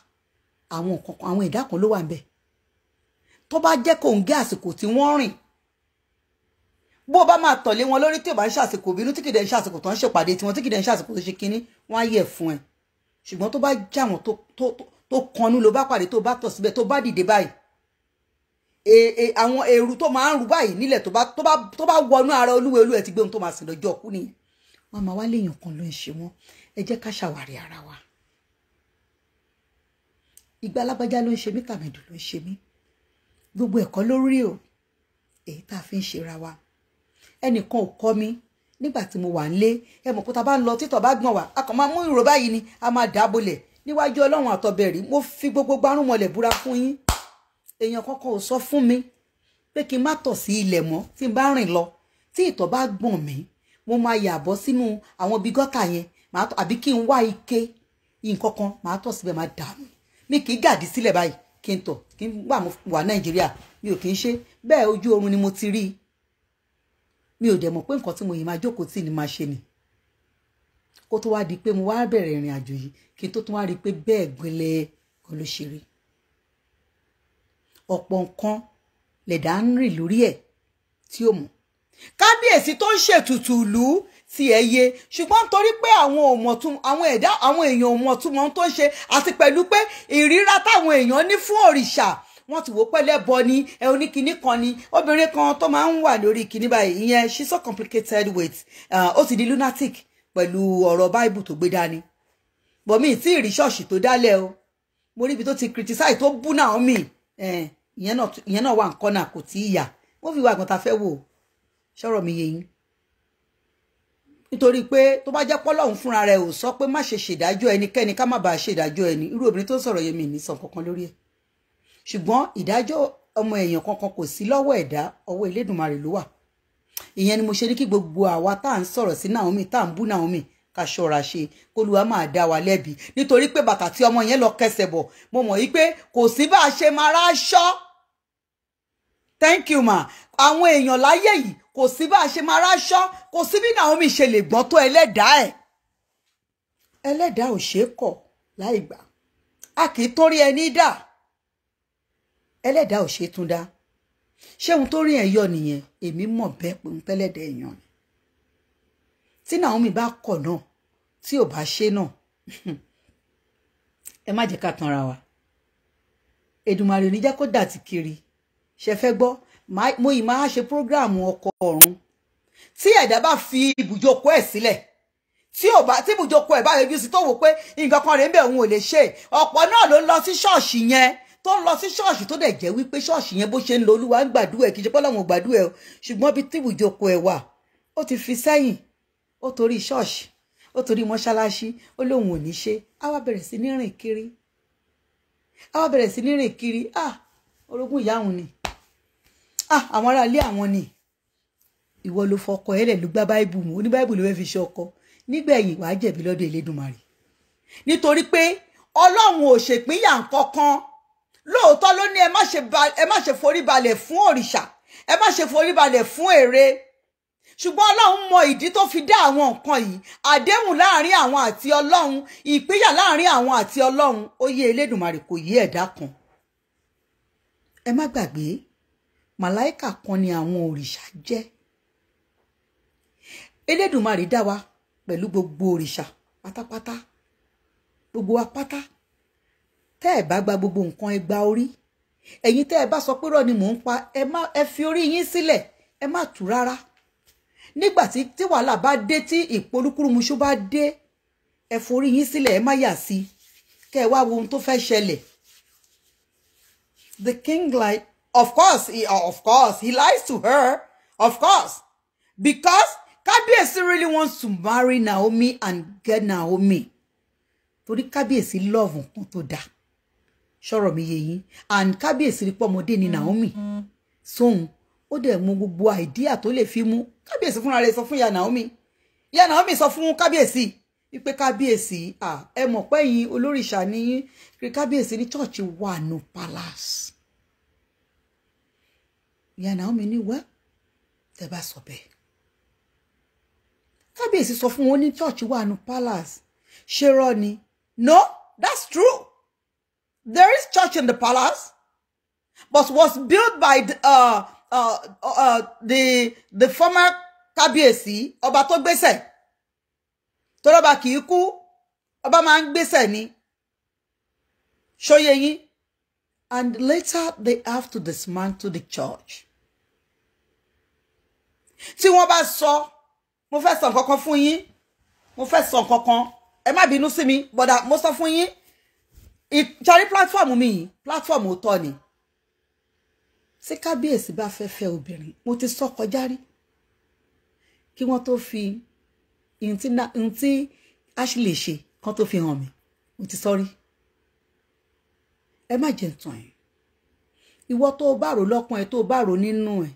àwọn nǹkan àwọn ìdá kan ló wà ń bẹ tó bá jẹ́ kó ń gé àsìkò tí wọ́n rìn bó o bá máa tọ̀lé wọn lórí tí ò bá ń ṣàsìkò bínú tí kìdẹ̀ ń ṣàsìkò tó ń ṣèpàdé tiwọn tí kìdẹ̀ ń ṣàsìkò tó ṣe kínní wọ́n á yẹ̀ fún ẹ ṣùgbọ́n tó bá já wọn tó kanú ló bá pàdé tó bá tọ̀ síbẹ̀ tó bá dìde báyìí e, e, àwọn èrú tó máa ń rú báyìí nílẹ̀ tó bá wọnú ara olúwe olú ẹ ti gbé ohun tó máa sìn lọ́jọ́ kú nìyẹn wọn máa wá léèyàn kan ló ń ṣe wọn ẹ jẹ́ ká ṣàwárí ara wa ìgbà alágbájá ló ń ṣe mí tàmẹ̀dù ló ń ṣe mí gbogbo ẹ̀kọ́ lórí o èyí tá a fi ń ṣera wa ẹnìkan ò kọ́ mi nígbà tí mo wà nílé ẹ mọ̀ pé tá a bá ń lọ títọ̀ bá gbọ̀n wá a kàn máa mú ìró báyìí ni a máa dà níwájú ọlọ́run àtọ̀bẹ̀rí mo fi gbogbo gbárùn mọ́lẹ̀ búra fún yín èèyàn kankan ò sọ fún mi pé kí n má tọ̀ sí ilẹ̀ mọ́ tí n bá rìn lọ tí ìtọ̀ bá gbọ̀n mí mo máa yàbọ̀ sínú àwọn ibi gọ́tà yẹn àbí kí n wá ike nǹkan kan màá tọ̀ síbẹ̀ máa dààmú mi kì í gàdí sílẹ̀ báyìí kí n tọ̀ kí n gbà mo wà nàìjíríà mi ò kì í ṣe bẹ́ẹ̀ ojú oorun ni mo ti rí i mi ò dẹ̀ mọ̀ pé nǹkan tí mo yìí máa jókòó tì ní máa ṣe ni kó tó wá di pé mo wá bẹ̀rẹ̀ ìrìn àjò yìí kí n tó tún wá rí i pé bẹ́ẹ̀ gbinlẹ̀ kan ló ṣe rí ọ̀pọ̀ nǹkan lẹ̀dá ń rìn lórí ẹ̀ tí ó mọ̀ kábíyèsí tó ń ṣètùtù ìlú ti ẹ̀ yé ṣùgbọ́n nítorí pé àwọn òmọ̀tún àwọn ẹ̀dá àwọn èèyàn òmọ̀tún wọn tó ń ṣe àti pẹ̀lú pé ìríra táwọn èèyàn ní fún òrìṣà wọ́n ti wò pẹ̀lẹ́ bọ ni ẹ oníkinní kan ni obìnrin kan tó máa ń wà lórí kinní báyìí ìyẹn she so complicated with uh, ó ti di lunatic pẹ̀lú ọ̀rọ̀ báìbù tó gbé dání bọ̀mí tí ì rí ṣọ́ọ̀ṣì tó dálẹ̀ o mo rí ibi tó ti criticize tó bú Naomi ìyẹn náà wà ń kọ́nà kò tí ì yà wọ́n fi wá àgbọ̀n ta fẹ́ wò ṣọ́rọ̀ mi yé yín nítorí pé tó bá jẹ́ pọ́lọ́hún fúnra rẹ̀ ò sọ pé má ṣe ṣèdájọ́ ẹnikẹ́ni ká má bàa ṣèdájọ́ ẹni irú obìnrin tó ń sọ̀rọ̀ yẹn mi ní sàn kankan lórí ẹ̀ ṣùgbọ́n ìdájọ́ ọmọ èèyàn kankan kò sí lọ́wọ́ ẹ̀dá ọwọ́ Elédùmarè ló wà ìyẹn ni mo ṣe ní kí gbogbo àwa tá à ń sọ̀rọ̀ sí Naomi tá à ń bú Naomi ká ṣọ́ra ṣe kólúwa máa dá wa lẹ́bi nítorí pé bàtà tí ọmọ yẹn lọ kẹsẹ̀ bọ̀ mo mọ̀ yìí kò sí bá a ṣe máa ráṣọ thank you ma àwọn èèyàn láyé yìí kò sí bá a ṣe máa ráṣọ kò sí bí Naomi ṣe lè gbọ́n tó ẹlẹ́dàá ẹ̀ ẹlẹ́dàá ò ṣeé kọ̀ láì gbà a kì í torí ẹni dáa ẹlẹ́dàá ò ṣe tún dá ṣé ohun tó rí ẹ̀ yọ nìyẹn èmi mọ̀ bẹ́ẹ̀ pé ń pẹ́lẹ́dẹ̀ èèyàn ni tí Naomi bá kọ̀ náà tí ò bá ṣe náà ẹ má jẹ́ ká tanra wa Èdùmàrè ò kó dà tí kiri ṣe fẹ́ gbọ́ mo yìí máa ṣe prógráàmù ọkọ̀ ọ̀run tí ẹ̀dá bá fi ibùjókòó ẹ̀ sílẹ̀ tí ò bá tí ibùjókòó ẹ̀ bá yọjú sí tó wò pé nǹkan kan rèé ń bẹ̀ òun ò lè ṣe ọ̀pọ̀ náà ló ń lọ sí ṣọ́ọ̀ṣì yẹn tó ń lọ sí ṣọ́ọ̀ṣì tó dẹ̀ jẹ́ wípé ṣọ́ọ̀ṣì yẹn bó ṣe ń lo olúwa ń gbàdúrà ẹ̀ kì í ṣe bọ́lá wọn gbàdúrà ẹ̀ ṣùgbọ́n bí tíwù ìjókòó ẹ̀ wà ó ti fi sẹ́yìn ó torí ṣọ́ọ̀ṣì ó torí mọ́ṣáláṣí ó lóun ò ní ṣe á bẹ̀rẹ̀ sí ní rìn kiri á wá bẹ̀rẹ̀ sí ní rìn kiri ah orogún ìyá àwọn ni ah àwọn aráalé àwọn ni ìwọ ló fọkọ ẹ lẹ ló gbá báìbù mu oní báìbù ló fẹ́ fi ṣe ọkọ nígbẹ̀yìn wàá jẹ̀bi lọ́dọ̀ Elédùmarè nítorí pé ọlọ́run ò ṣèpínyà kankan lóòótọ́ ló ní ẹ má ṣe forí balẹ̀ fún òrìṣà ẹ má ṣe forí balẹ̀ fún ère ṣùgbọ́n ọlọ́run mọ ìdí tó fi dá àwọn nǹkan yìí àdéhùn láàrin àwọn àti ọlọ́run ìpínyà láàrin àwọn àti ọlọ́run ó yé elédùnmarè kò yé ẹ̀dá kan ẹ má gbàgbé màláìkà kan ni àwọn òrìṣà jẹ́ elédùnmarè dá wa pẹ̀lú gbogbo òrìṣà pátápátá gbogbo wa tẹ́ ẹ̀ bá gba gbogbo nǹkan ẹ orí ẹ̀yin tẹ́ ẹ bá sọ pé rọ ni mò ń pa ẹ má ẹ fi orí yín sílẹ̀ ẹ má tù rárá nígbà tí tí wàhálà bá dé tí ìpolúkúrúmuṣú bá dé ẹ forí yín sílẹ̀ ẹ má yà sí kẹ́ ẹ wá wo ohun tó fẹ́ ṣẹlẹ̀ the king like of course he, of course he lies to her of course because kábíyèsí really wants to marry Naomi and get Naomi torí kábíyèsí love nǹkan tó dáa ṣọ̀rọ̀ mi yé yín and kábíyèsí rí pọ́mọdé ni Naomi sóhun ó dẹ̀ mú gbogbo àìdíyà tó lè fi mú kábíyèsí fúnra rẹ̀ sọ fún ìyá Naomi ìyá Naomi sọ fún kábíyèsí wípé kábíyèsí ẹ mọ̀ pé yín olórìṣà ni yín kiri kábíyèsí ní chọ́ọ̀chì wà palace ìyá Naomi ní wẹ́ tẹ́ bá sọ bẹ́ẹ̀ kábíyèsí sọ fún wọn ní chọ́ọ̀chì wà palace ṣé rọ ni no that's true There is church in the palace, but was built by the, uh, uh, uh, uh the, the former kábíyèsí ọba tó gbésẹ̀ tọ́lọ́ba kì í ni ṣóyè yín and later they have to dismantle the church tí wọ́n bá sọ mo fẹ́ sọ nǹkan kan fún yín mo fẹ́ sọ nǹkan kan ẹ má bínú sí mi bọ̀dà uh, mo sọ fún yín ìtàrí platform mi yìí platform òótọ́ ni ṣé kábíyèsí bá fẹ́ fẹ́ obìnrin mo ti sọ kọjá rí kí wọ́n tó fi ihun tí ashley ṣe kán tó fi hàn mí mo ti sọ rí ẹ má jẹ́ tàn ẹ́ ìwọ tó o bá rò lọ́kàn ẹ tó o bá rò nínú ẹ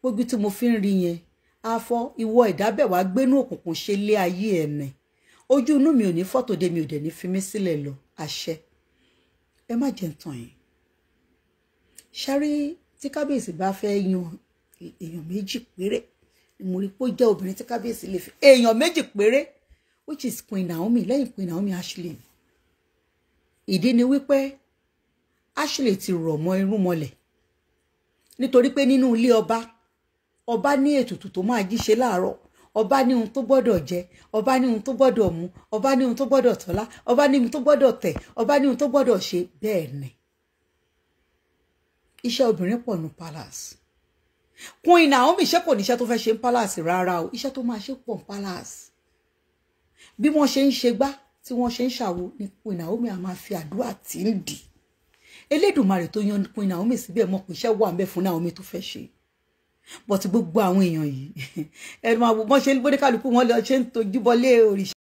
gbógi tí mo fi ń rí yẹn afọ ìwọ ìdábẹ̀ wàá gbénú òkùnkùn ṣe lé ayé ẹ̀ nì ojú inú mi ò ní fọ́tò dé mi ò dẹ̀ ní fi mí sílẹ̀ lọ àṣẹ ẹ má jẹ́ ntàn yín ṣárí tí kábíyèsí bá fẹ́ yan èèyàn méjì péré mo rí pé ó jẹ́ obìnrin tí kábíyèsí lè fi èèyàn méjì péré which is Queen Naomi lẹ́yìn Queen Naomi Ashley ìdí ni wípé Ashley ti rọ̀ mọ́ irúnmọlẹ̀ nítorí pé nínú ilé ọba ọba ní ètùtù tó máa jí ṣe láàárọ̀ ọba ní ohun tó gbọ́dọ̀ jẹ ọba ní ohun tó gbọ́dọ̀ mu ọba ní ohun tó gbọ́dọ̀ tọ́lá ọba ní ohun tó gbọ́dọ̀ tẹ̀ ọba ní ohun tó gbọ́dọ̀ ṣe bẹ́ẹ̀ ni iṣẹ́ obìnrin pọ̀ ní palace Queen Naomi ṣe kò níṣẹ́ tó fẹ́ ṣe ń palace rárá o iṣẹ́ tó máa ṣe pọ̀ ń palace bí wọ́n ṣe ń ṣe gbá tí wọ́n ṣe ń ṣàwo ni Queen Naomi a máa fi àdúrà tí ń dì Elédùmarè tó yan Queen Naomi síbẹ̀ mọ̀ pé iṣẹ́ wà ń bẹ fún Naomi tó fẹ́ ṣe but gbogbo àwọn èèyàn yìí ẹnu àwọn bọ́n ṣe bóde kálukú wọn lọ ṣe ń tojú bọlé òrìṣà